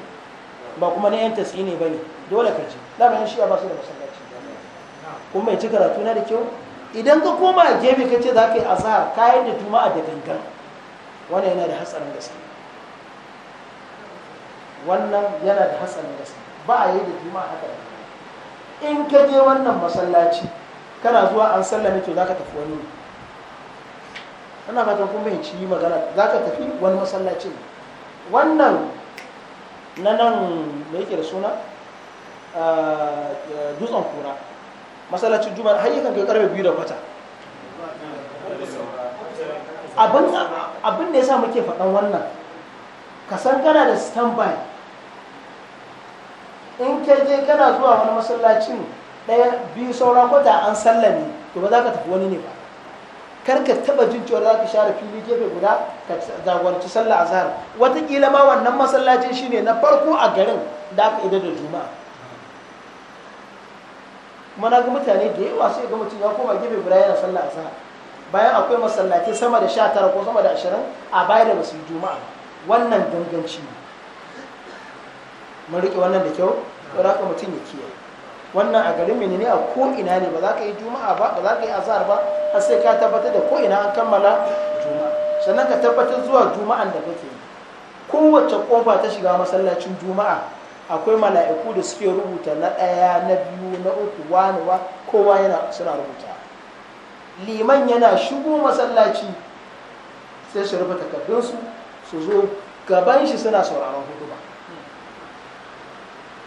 ba kuma na yan ne ba ne dole ka ji lamarin shi ba su da masallaci kuma mai ci karatu na da kyau idan ka koma a gefe ka ce za ka yi azhar kayan da tuma da gangan wannan yana da hatsarin gaske wannan yana da hatsarin gaske ba a yi da juma'a haka in ka je wannan masallaci kana zuwa an sallame to za ka tafi wani ana fatan kuma mai ci magana za ka tafi wani masallaci wannan na nan da yake da suna Eh, eh, dutsen kura masallacin juma'a har yakan kai karfe biyu da kwata abin da ya sa muke faɗan wannan ka san da standby in ka je kana zuwa wani masallacin ɗaya biyu sauran kwata an ne to ba za ka tafi wani ne ba kar ka taba jin cewa za ka share fili gefe guda ka jagoranci sallah azhar watakila ma wannan masallacin shine na farko a garin da aka ido da juma'a kuma na ga mutane da yawa sai ga mutum ya koma gefe guda yana sallah a sana bayan akwai masallaci sama da sha tara ko sama da ashirin a baya da basu yi juma'a wannan ganganci ne mun riƙe wannan da kyau ko da mutum ya kiyaye wannan a garin menene a ko'ina ne ba za ka yi juma'a ba ba za ka yi azhar ba har sai ka tabbatar da ko an kammala juma'a sannan ka tabbatar zuwa juma'an da kake kowace kofa ta shiga masallacin juma'a akwai mala'iku da suke rubuta na ɗaya na biyu na uku wani wa kowa yana suna rubuta liman yana shigo masallaci sai su rufe takardunsu su zo gaban shi suna sauraron hudu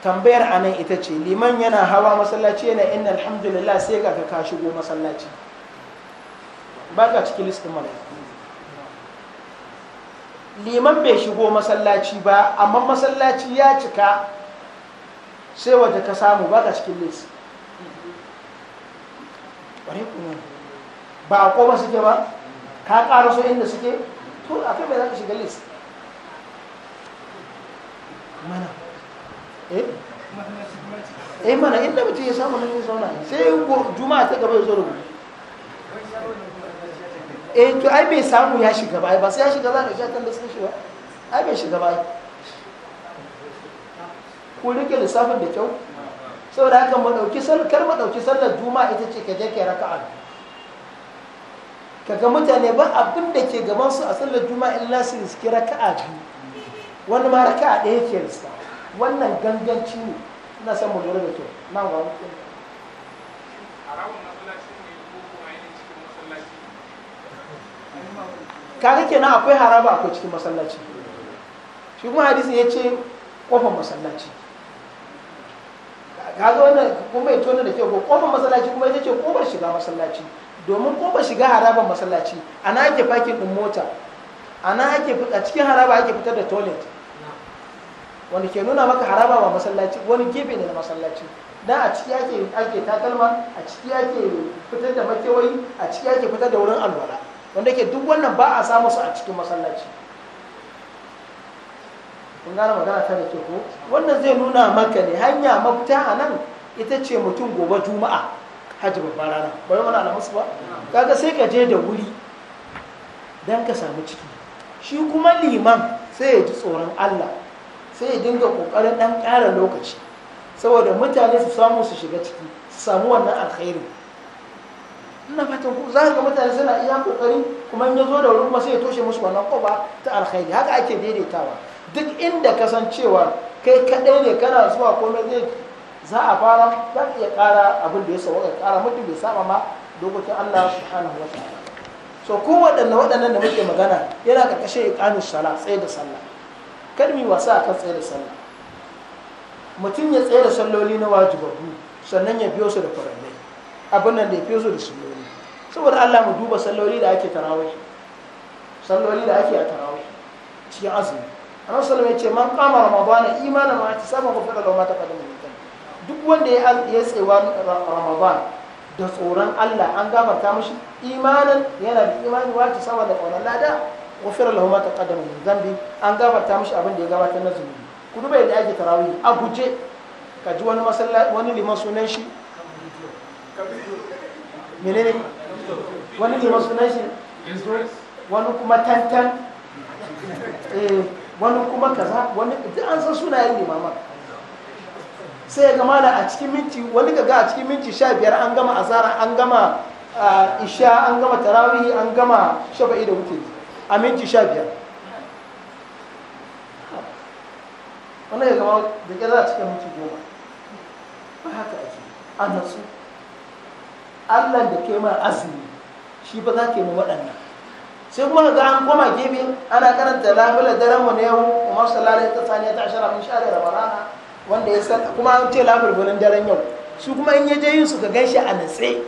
tambayar a nan ita ce liman yana hawa masallaci yana inna alhamdulillah sai ga ka shigo masallaci ba ka cikin listin mala'iku liman bai shigo masallaci ba amma masallaci ya cika sai wata ka samu ba ka cikin lis ba a koma suke ba ka ƙara so inda suke to a kai bai za ka shiga lis mana eh? eh mana inda mutum ya samu nan ya zauna sai juma'a ta gaba ya zo rubutu eh to ai bai samu ya shiga ba ba sai ya shiga za ka sha da sun shiga ai bai shiga ba ku rike lissafin da kyau saboda haka mu dauki sallar kar mu dauki sallar juma'a ita ce ka je ka raka'a kaga mutane ba abin da ke gaban su a sallar juma'a illa su riski raka'a biyu wani ma raka'a ɗaya ke riska wannan ganganci ne ina son mu lura da kyau na wa haramun kaga kenan akwai haraba akwai cikin masallaci shi kuma hadisin ya ce kofar masallaci kaga wannan kuma ito ne da kyau kofar masallaci kuma ita ce kofar shiga masallaci domin kofar shiga haraban masallaci ana ake fakin din mota ana ake a cikin haraba ake fitar da toilet wanda ke nuna maka haraba ba masallaci wani gefe ne na masallaci dan a ciki ake ake takalma a ciki ake fitar da makewayi a ciki ake fitar da wurin alwala wanda ke duk wannan ba a samu su a cikin masallaci kun gane magana ta da ke ko wannan zai nuna maka ne hanya mafita a nan ita ce mutum gobe juma'a hajji babba rana bari wani alhamis ba kaga sai ka je da wuri don ka samu ciki shi kuma liman sai ya ji tsoron allah sai ya dinga ƙoƙarin ɗan ƙara lokaci saboda mutane su samu su shiga ciki su samu wannan alkhairi ina fatan ku za ga mutane suna iya kokari kuma in ya zo da wurin kuma sai ya toshe musu wannan koba ta alkhairi haka ake daidaitawa duk inda ka san cewa kai kadai ne kana zuwa komai zai za a fara za ka iya kara abin da ya sauwa ka kara mutum bai saba ma dokokin Allah subhanahu wa ta'ala so ko waɗannan waɗannan da muke magana yana ƙarƙashin iqamus sala tsaye da sallah kada mu wasa kan tsaye da sallah mutum ya tsaye da salloli na wajibabu sannan ya biyo su da farallai abin nan da ya biyo su da sunna saboda Allah mu duba salloli da ake tarawih salloli da ake a tarawih cikin azumi annabi sallallahu ya ce man qama ramadana imanan ma ihtisaban ghufira lahu ma taqaddama min dhanbi duk wanda ya ya tsewa ramadan da tsoron Allah an gafarta mishi imanan yana da imani wa ihtisaban da qawlan lada ghufira lahu ma taqaddama min dhanbi an gafarta mishi abin da ya gabatar na zunubi ku duba yadda ake tarawih a guje ka ji wani masallaci wani liman sunan shi menene wani ne wasu nashi wani kuma tantan eh, wani kuma kaza wani duk an san sunayen ma sai ya gama da a cikin minti wani gaga a cikin minti sha biyar an gama azara an gama isha an gama tarawihi an gama shafa'i da wuce a minti sha biyar wani ya gama da gyara a cikin minti goma ba haka ake an nasu Allah da ke ma azumi shi ba za ke ma waɗannan sai kuma ga an koma gefe ana karanta labula daren mu ne yau kuma sallallahu ta saniya ta ashara min share ramadana wanda ya san kuma an ce labula bunan daren yau su kuma in yaje yin su ka shi a natse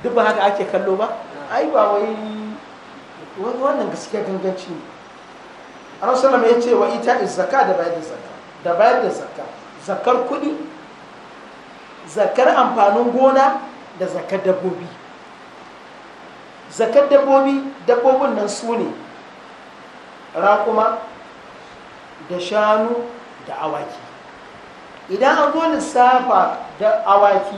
duk ba haka ake kallo ba ai ba wai wannan gaskiya ganganci ne annabi sallallahu ya ce wa ita zakka da bayar da zakka da bayar da zakka zakkar kuɗi zakar amfanin gona da zakar dabbobi zakar dabbobi dabbobin nan su ne raƙuma da shanu da awaki idan an zo lissafa da awaki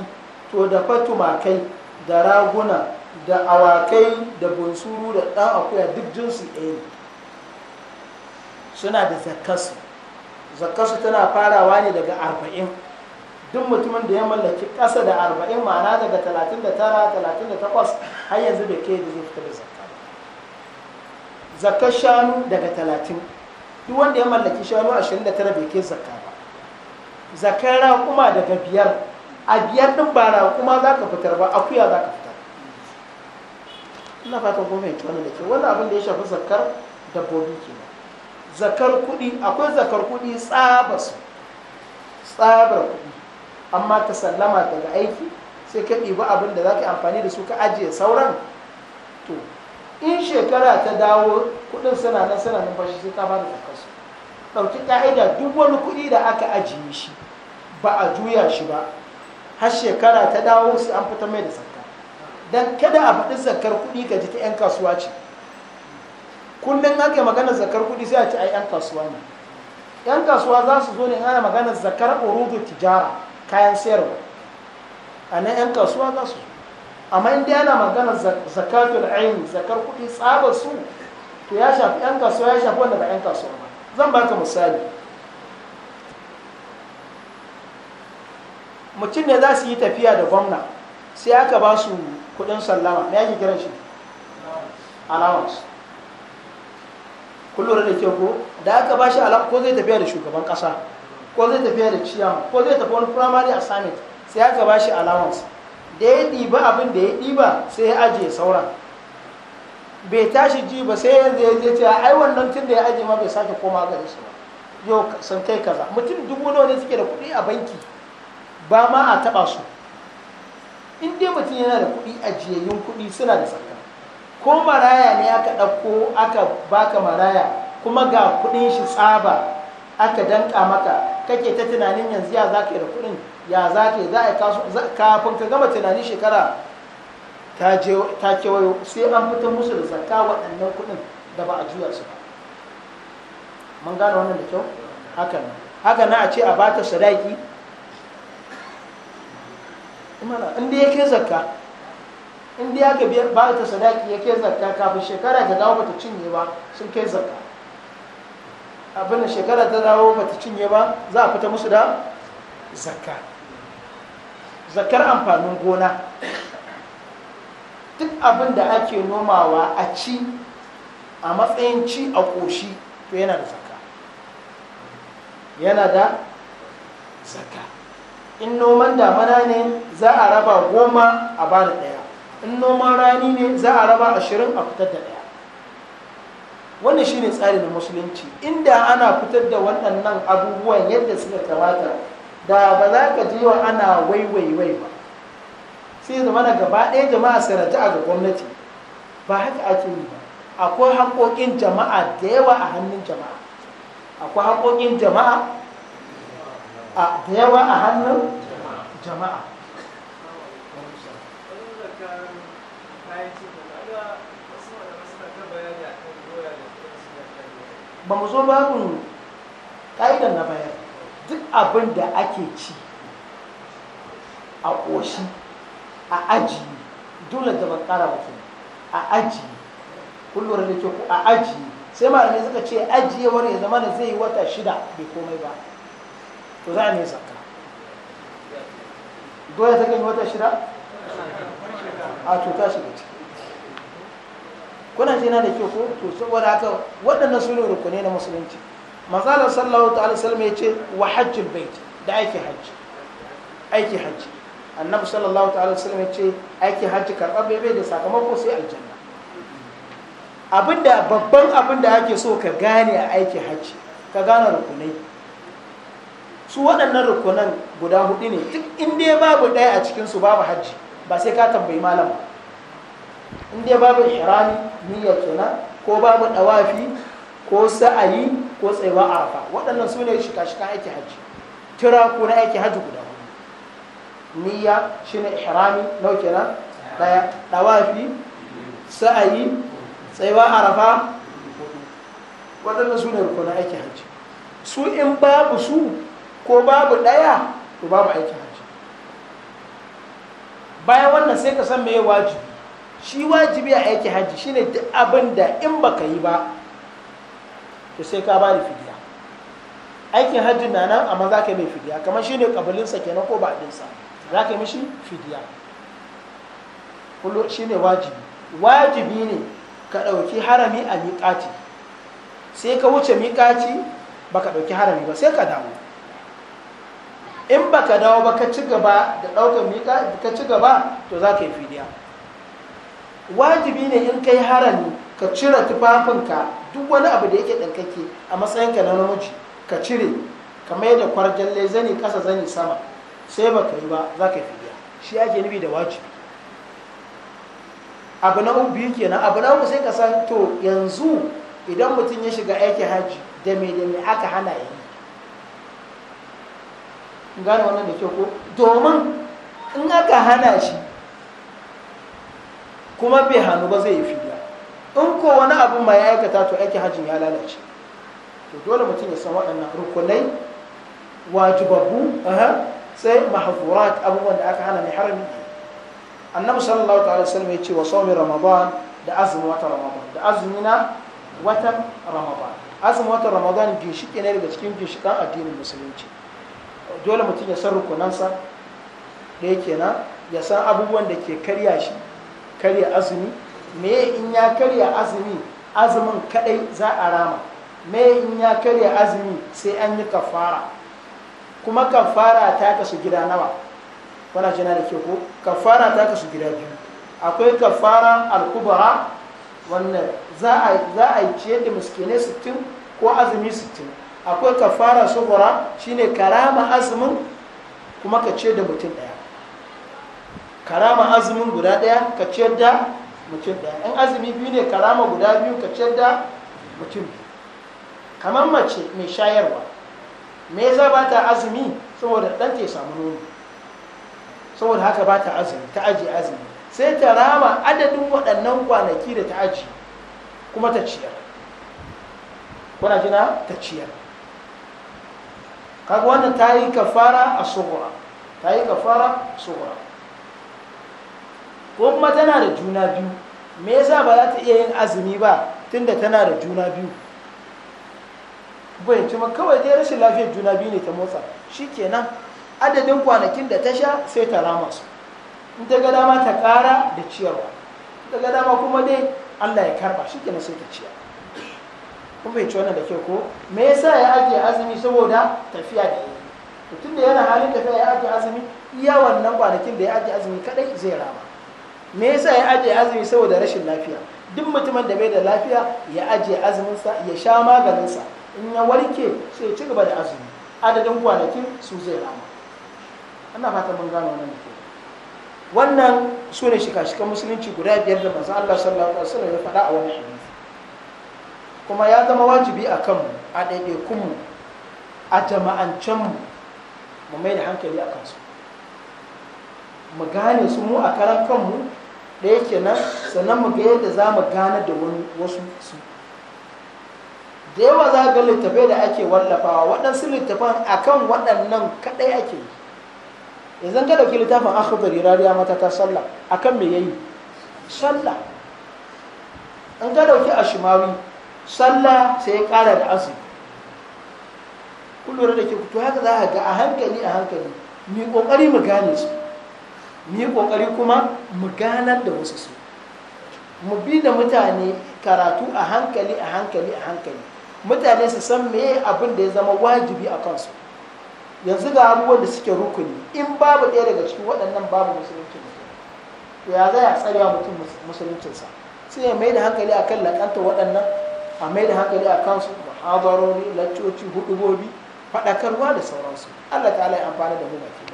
to da fatumakai da raguna da awakai da bunsuru da ɗan akuya duk jinsu ɗaya suna da zakasu zakasu tana farawa ne daga arba'in duk mutumin da ya mallaki ƙasa da arba'in ma'ana daga talatin da tara talatin da takwas har yanzu da ke da zai da zakka zakkar shanu daga talatin duk wanda ya mallaki shanu ashirin da tara bai ke zakka ba zakkar raƙuma daga biyar a biyar ɗin ba raƙuma za ka fitar ba akuya za ka fitar ina fatan kuma fahimci wannan da ke wani abin da ya shafi zakkar dabbobi kenan zakar kuɗi akwai zakar kuɗi tsaba su tsabar kuɗi amma ta sallama daga aiki sai ka ɗiba abin da za ka amfani da su ka ajiye sauran to in shekara ta dawo kuɗin suna nan suna numfashi sai ka ba da ɗaukarsu ɗauki ƙa'ida duk wani kuɗi da aka ajiye shi ba a juya shi ba har shekara ta dawo sai an fita mai da zakka don kada a faɗi zakkar kuɗi ji ta 'yan kasuwa ce kullum ake maganar zakar kuɗi sai a ci ai 'yan kasuwa ne 'yan kasuwa za su zo ne ana maganar zakar urudu tijara kayan sayarwa a nan 'yan kasuwa za su amma inda yana magana zakatul ainihin zakar kuɗi tsabar su to ya shafi 'yan kasuwa ya shafi wanda ba 'yan kasuwa ba zan baka misali mutum ne za su yi tafiya da gwamna sai aka ba su kuɗin sallama me yake kiran shi allowance kullum da ke ko da aka ba shi ko zai tafiya da shugaban ƙasa ko zai tafiya da ciyama, ko zai tafi wani primary assignment sai aka ba shi allowance da ya ɗiba abin da ya ɗiba sai ya ajiye sauran bai tashi ji ba sai yanzu ya je cewa ai wannan tun da ya ajiye ma bai sake koma ga shi ba yau sun kai kaza mutum dubu nawa ne suke da kuɗi a banki ba ma a taɓa su in dai mutum yana da kuɗi ajiyayyun kuɗi suna da tsaka ko maraya ne aka ɗauko aka baka maraya kuma ga kuɗin shi tsaba aka danka maka kake ta tunanin yanzu ya za ka yi da kuɗin ya za ka yi za a kasu kafin ka gama tunanin shekara ta kewayo sai an fitar musu da zakka waɗannan kuɗin da ba a juya su ba mun gane wannan da kyau haka nan haka na a ce a bata sadaki inda ya ke zakka inda ya ke bata sadaki ya ke zakka kafin shekara ta dawo bata cinye ba sun kai zakka abin da shekara ta dawo ba ta cinye ba za a fita musu da zakka zakkar amfanin gona duk abin da ake nomawa a ci a matsayin ci a ƙoshi to yana da zakka yana da zakka in noman damana ne za a raba goma a da ɗaya in noman rani ne za a raba ashirin a fitar da ɗaya wannan shine tsari na musulunci inda ana fitar da waɗannan abubuwan yadda suka kamata da ba za ka ji wa ana waiwaiwai ba sai zama na gaba ɗaya jama'a sanata a ga gwamnati ba haka ake yi ba akwai haƙoƙin jama'a da yawa a hannun jama'a akwai haƙoƙin jama'a da yawa a hannun jama'a ba mu zo babin ƙa'idar na bayar duk abin da ake ci a ƙoshi a aji dole da ban ƙara mutu a aji kullum da ke ku a aji sai malamai suka ce ajiyewar ya zama da zai yi wata shida bai komai ba to za a ne saka dole ta gani wata shida a cuta ta shiga ciki kuna ji na da kyau ko to saboda haka waɗannan su ne rukunai na musulunci manzalar sallallahu ta'ala sallam ya ce wa hajjul bait da aiki hajji aiki hajji annabi sallallahu ta'ala sallam ya ce aiki hajji karɓar bebe da sakamako sai aljanna abinda babban abin da ake so ka gane a aiki hajji ka gane rukunai su waɗannan rukunan guda hudu ne duk inda babu ɗaya a cikinsu babu hajji ba sai ka tambayi malam ba in dai babu ihrami niyyar tuna ko babu dawafi ko sa'ayi ko tsayuwa arafa waɗannan su ne shika-shikan aiki hajji tura ko na aiki hajji guda hudu niyya shi ne ihrami nau kenan daya dawafi sa'ayi tsayuwa arafa waɗannan su ne na aiki hajji su in babu su ko babu ɗaya to babu aiki hajji bayan wannan sai ka san me wajibi shi wajibi a aiki hajji shine duk abin da in baka yi ba to sai ka ba da fidiya aikin hajji na nan amma za ka yi mai fidiya kamar shi ne ƙabilinsa kenan ko ba ɗinsa za ka yi mishi fidiya shi ne wajibi wajibi ne ka ɗauki harami a miƙaci sai ka wuce miƙaci ba ka ɗauki harami ba sai ka dawo in ba ka dawo ba ka ci gaba da ɗaukar miƙa ka ci gaba to za ka yi fidiya wajibi ne in kai harami ka cire tufafinka duk wani abu da yake ɗankake a matsayinka na namiji ka cire ka mai da kwarjalle zani ƙasa zani sama sai ba ka yi ba za ka fiya shi ake nufi da wajibi abu na ubi kenan abu na sai ka san to yanzu idan mutum ya shiga aiki hajji da me da me aka hana ya yi gane wannan da kyau ko domin in aka hana shi kuma bai hannu ba zai yi fidiya in ko wani abu mai aikata to aiki hajjin ya lalace to dole mutum ya san waɗannan rukunai wajibabu sai mahfurat abubuwan da aka hana mai harami annabi sallallahu ta'ala sallam ya ce wa sawmi ramadan da azumi wata ramadan da azumi na watan ramadan azumin watan ramadan ginshiki ne daga cikin ginshikan addinin musulunci dole mutum ya san rukunansa da yake na ya san abubuwan da ke karya shi karya azumi me in ya karya azumi azumin kadai za a rama me in ya karya azumi sai an yi kafara kuma kafara ta kasu gida nawa wana jina da ke ko kafara ta kasu gida biyu akwai kafara alkubara wannan za a yi ce da miskinai sittin ko azumi sittin akwai kafara sugura shine karama azumin kuma ka ce da mutum ɗaya karama azumin guda ɗaya ka ciyar da mutum daya in azumi biyu ne karama guda biyu ka ciyar da mutum kamar mace mai shayarwa me za ba ta azumi saboda ɗan ta samu nono saboda haka ba ta azumi ta aji azumi sai ta rama adadin waɗannan kwanaki da ta aji kuma ta ciyar kuna jina ta ciyar kaga wannan ta yi kafara a tsohuwa ta yi kafara sugura ko kuma tana da juna biyu me yasa ba za ta iya yin azumi ba tunda tana da juna biyu bai tuma kawai dai rashin lafiyar juna biyu ne ta motsa shi kenan adadin kwanakin da ta sha sai ta rama su in ta ga dama ta kara da ciyarwa ta ga dama kuma dai allah ya karba shi kenan sai ta ciya kun bai ci wannan da kyau ko me yasa ya ajiye azumi saboda tafiya da yi tun da yana halin tafiya ya ajiye azumi iya wannan kwanakin da ya ajiye azumi kadai zai rama me yasa ya ajiye azumi saboda rashin lafiya duk mutumin da bai da lafiya ya azumin azuminsa ya sha maganinsa in ya warke sai ya ci gaba da azumi adadin kwanakin su zai rama ana fata mun gano wannan da wannan su ne shika-shikan musulunci guda biyar da manzo Allah sallallahu alaihi wasallam ya faɗa a wani hadisi kuma ya zama wajibi a kanmu a ɗaiɗaikunmu a jama'ancenmu mu mai da hankali a kansu mu gane su mu a karan kanmu ɗaya kenan sannan mu ga yadda za mu gane da wasu su da yawa za ga littafai da ake wallafawa waɗansu littafan akan waɗannan kaɗai ake yi yanzu ka ɗauki littafin akhbar rariya mata ta sallah kan me yayi sallah an ka ɗauki shimawi sallah sai ya ƙara da azumi kullum da ke kutu haka za a ga a hankali a hankali mai ƙoƙari mu gane su mu yi kokari kuma mu ganar da wasu su mu bi da mutane karatu a hankali a hankali a hankali mutane su san me abin da ya zama wajibi a kansu yanzu ga abubuwan da suke rukuni in babu ɗaya daga cikin waɗannan babu musulunci to ya za a tsarewa mutum musuluncinsa sai ya mai da hankali a kan laƙanta waɗannan a mai da hankali a kansu muhabarori laccoci hudubobi faɗakarwa da sauransu allah ta'ala ya amfana da mu mafi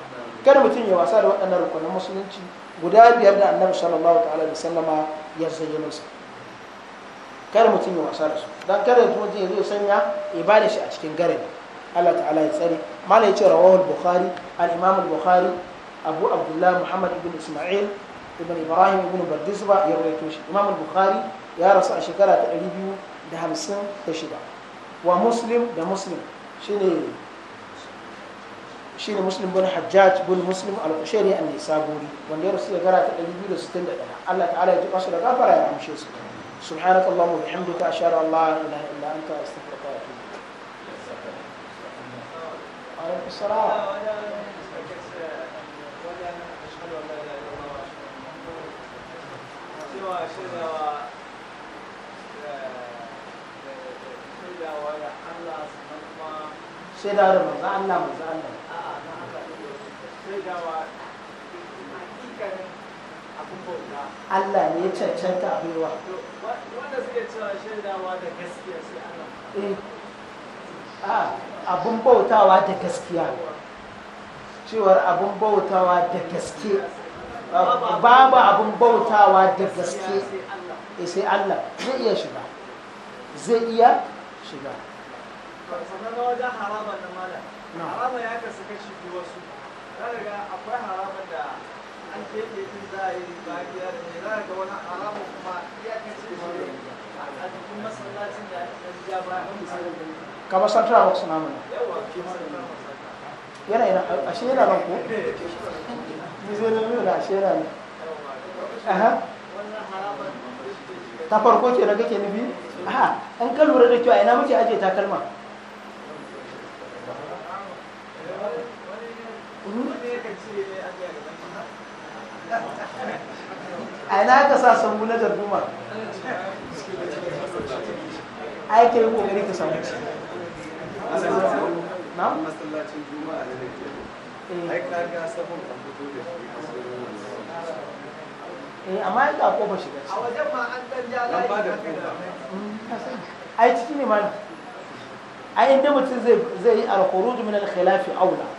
kada mutum ya wasa da waɗannan rukunin musulunci guda biyar da annabi sallallahu ta'ala da sallama ya zayyano su kada mutum ya wasa da su dan kada mutum ya zo sanya ibada shi a cikin garabi Allah ta'ala ya tsare mala ya ce rawahul al-bukhari al-imam al-bukhari abu abdullah muhammad ibn isma'il ibn ibrahim ibn bardisba ya rawaito shi imam al-bukhari ya rasu a shekara ta 256 wa muslim da muslim shine shine muslim bin hajjaj bin muslim al-qushairi an nisaburi wanda ya rasu da gara ta 261 Allah ta'ala ya ji kasu da gafara ya amshe su subhanaka allahumma wa bihamdika ashhadu an la ilaha illa anta astaghfiruka wa atubu ilaik assalam shaida da manzo Allah manzo Allah shaidawa Allah ne ya cancanta a wanda suke cewa shaidawa da gaskiya sai Allah eh. a ah, abin bautawa da gaskiya cewar bautawa da gaske babu abun bautawa da gaske eh, sai Allah zai iya shiga zai iya shiga sannan wajen harama mala harama ya kasu kashi biyu wasu daga akwai haramun da an keɓe in za a yi bakiya da ne za ga wani haramun kuma iya iyakacin shi a cikin masallacin da ya ja ba a kamar central box eh, na mana yana yana ashe yana nan ko ni zai nuna da ashe yana nan aha ta farko ke na kake nufi aha in ka lura da kyau a ina muke ajiye takalma a ina ka sa samu na darduma A ai kai kokari ka samu ci na masallacin juma'a da nake ai ka ga sabon an fito da shi eh kofa shiga a wajen ma an dan ja layi ba da ai ciki ne ma ai inda mutum zai zai yi al-khuruj min al-khilafi aula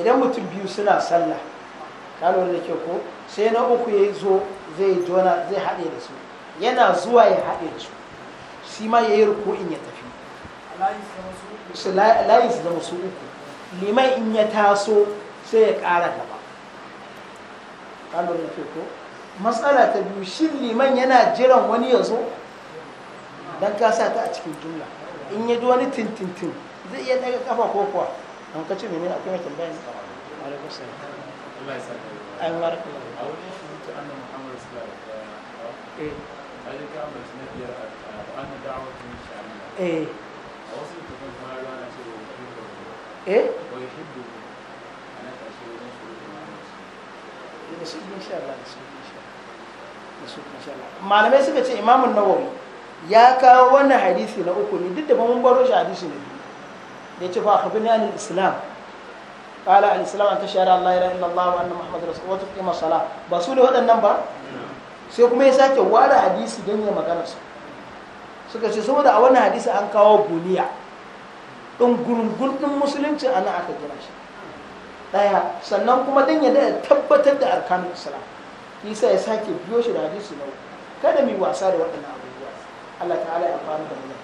idan mutum biyu suna sallah ka lura da kyau ko sai na uku ya zo zai jona zai haɗe da su yana zuwa ya haɗe da su shi ma ya yi ruku in ya tafi layin su zama su uku liman in ya taso sai ya ƙara gaba ka lura da kyau ko matsala ta biyu shin liman yana jiran wani ya zo don ka sa ta a cikin jumla in ya ji wani tintintin zai iya daga kafa ko kuwa Eh, eh, eh, an ka ce mene akwai tambaya ne alaikum salam Allah ya sa ka ai baraka a wurin shi mutu annabi Muhammad sallallahu alaihi wasallam eh alika amr na biyar an da'awatu insha Allah eh a wasu tafan kuma ruwa na ce eh wa yuhibbu ana ta shi wurin shi da su insha Allah da su da su Allah malamai suka ce imamun nawawi ya kawo wannan hadisi na uku ne duk da ba mun baro shi hadisi ne biyu da ya ce fa akhbirni an al-islam qala al-islam an tashhadu an la ilaha Allah wa anna muhammadar rasulullah wa tuqima salah ba su ne waɗannan ba sai kuma ya sake ware hadisi dan ya magana su suka ce saboda a wannan hadisi an kawo buniya ɗin gurgun ɗin musulunci ana aka gina shi ɗaya sannan kuma dan ya tabbatar da arkanin islam kisa ya sake biyo shi da hadisi na kada mu wasa da waɗannan abubuwa Allah ta'ala ya amfani da mu